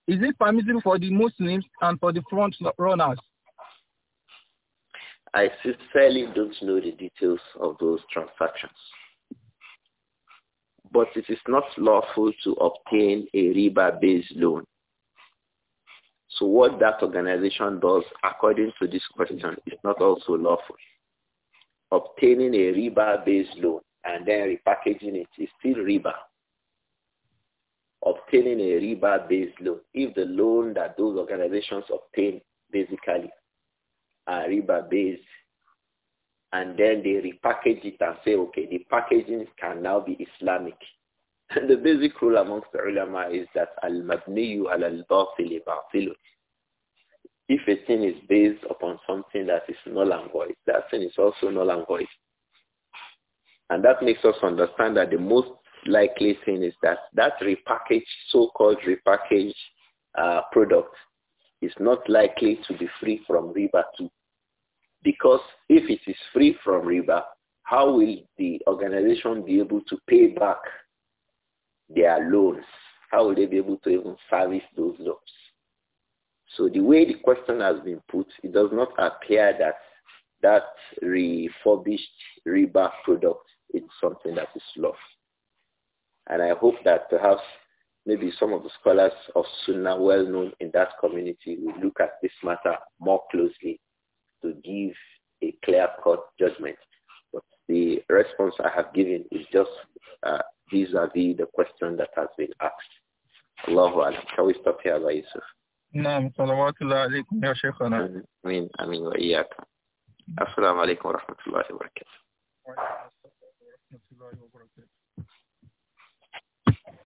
Is it permissible for the Muslims and for the front runners? I sincerely don't know the details of those transactions. But it is not lawful to obtain a riba-based loan. So what that organization does, according to this question, is not also lawful. Obtaining a riba-based loan and then repackaging it is still riba. Obtaining a riba-based loan. If the loan that those organizations obtain basically are riba-based, and then they repackage it and say, okay, the packaging can now be Islamic. [LAUGHS] And the basic rule amongst the ulama is that al-mabniyu al-al-batili If a thing is based upon something that is null and void, that thing is also null and void. And that makes us understand that the most likely thing is that that repackaged, so-called repackaged uh, product is not likely to be free from riba too. Because if it is free from riba, how will the organization be able to pay back their loans? How will they be able to even service those loans? So the way the question has been put, it does not appear that that refurbished riba product it's something that is love. And I hope that perhaps maybe some of the scholars of Sunnah well known in that community will look at this matter more closely to give a clear-cut judgment. But the response I have given is just uh, vis-a-vis the question that has been asked. Allahu Alam. Shall we stop here, Yusuf? نعم صلوات الله عليكم يا شيخنا آمين آمين وإياك السلام عليكم الله وبركاته ছিল ওই উপলক্ষে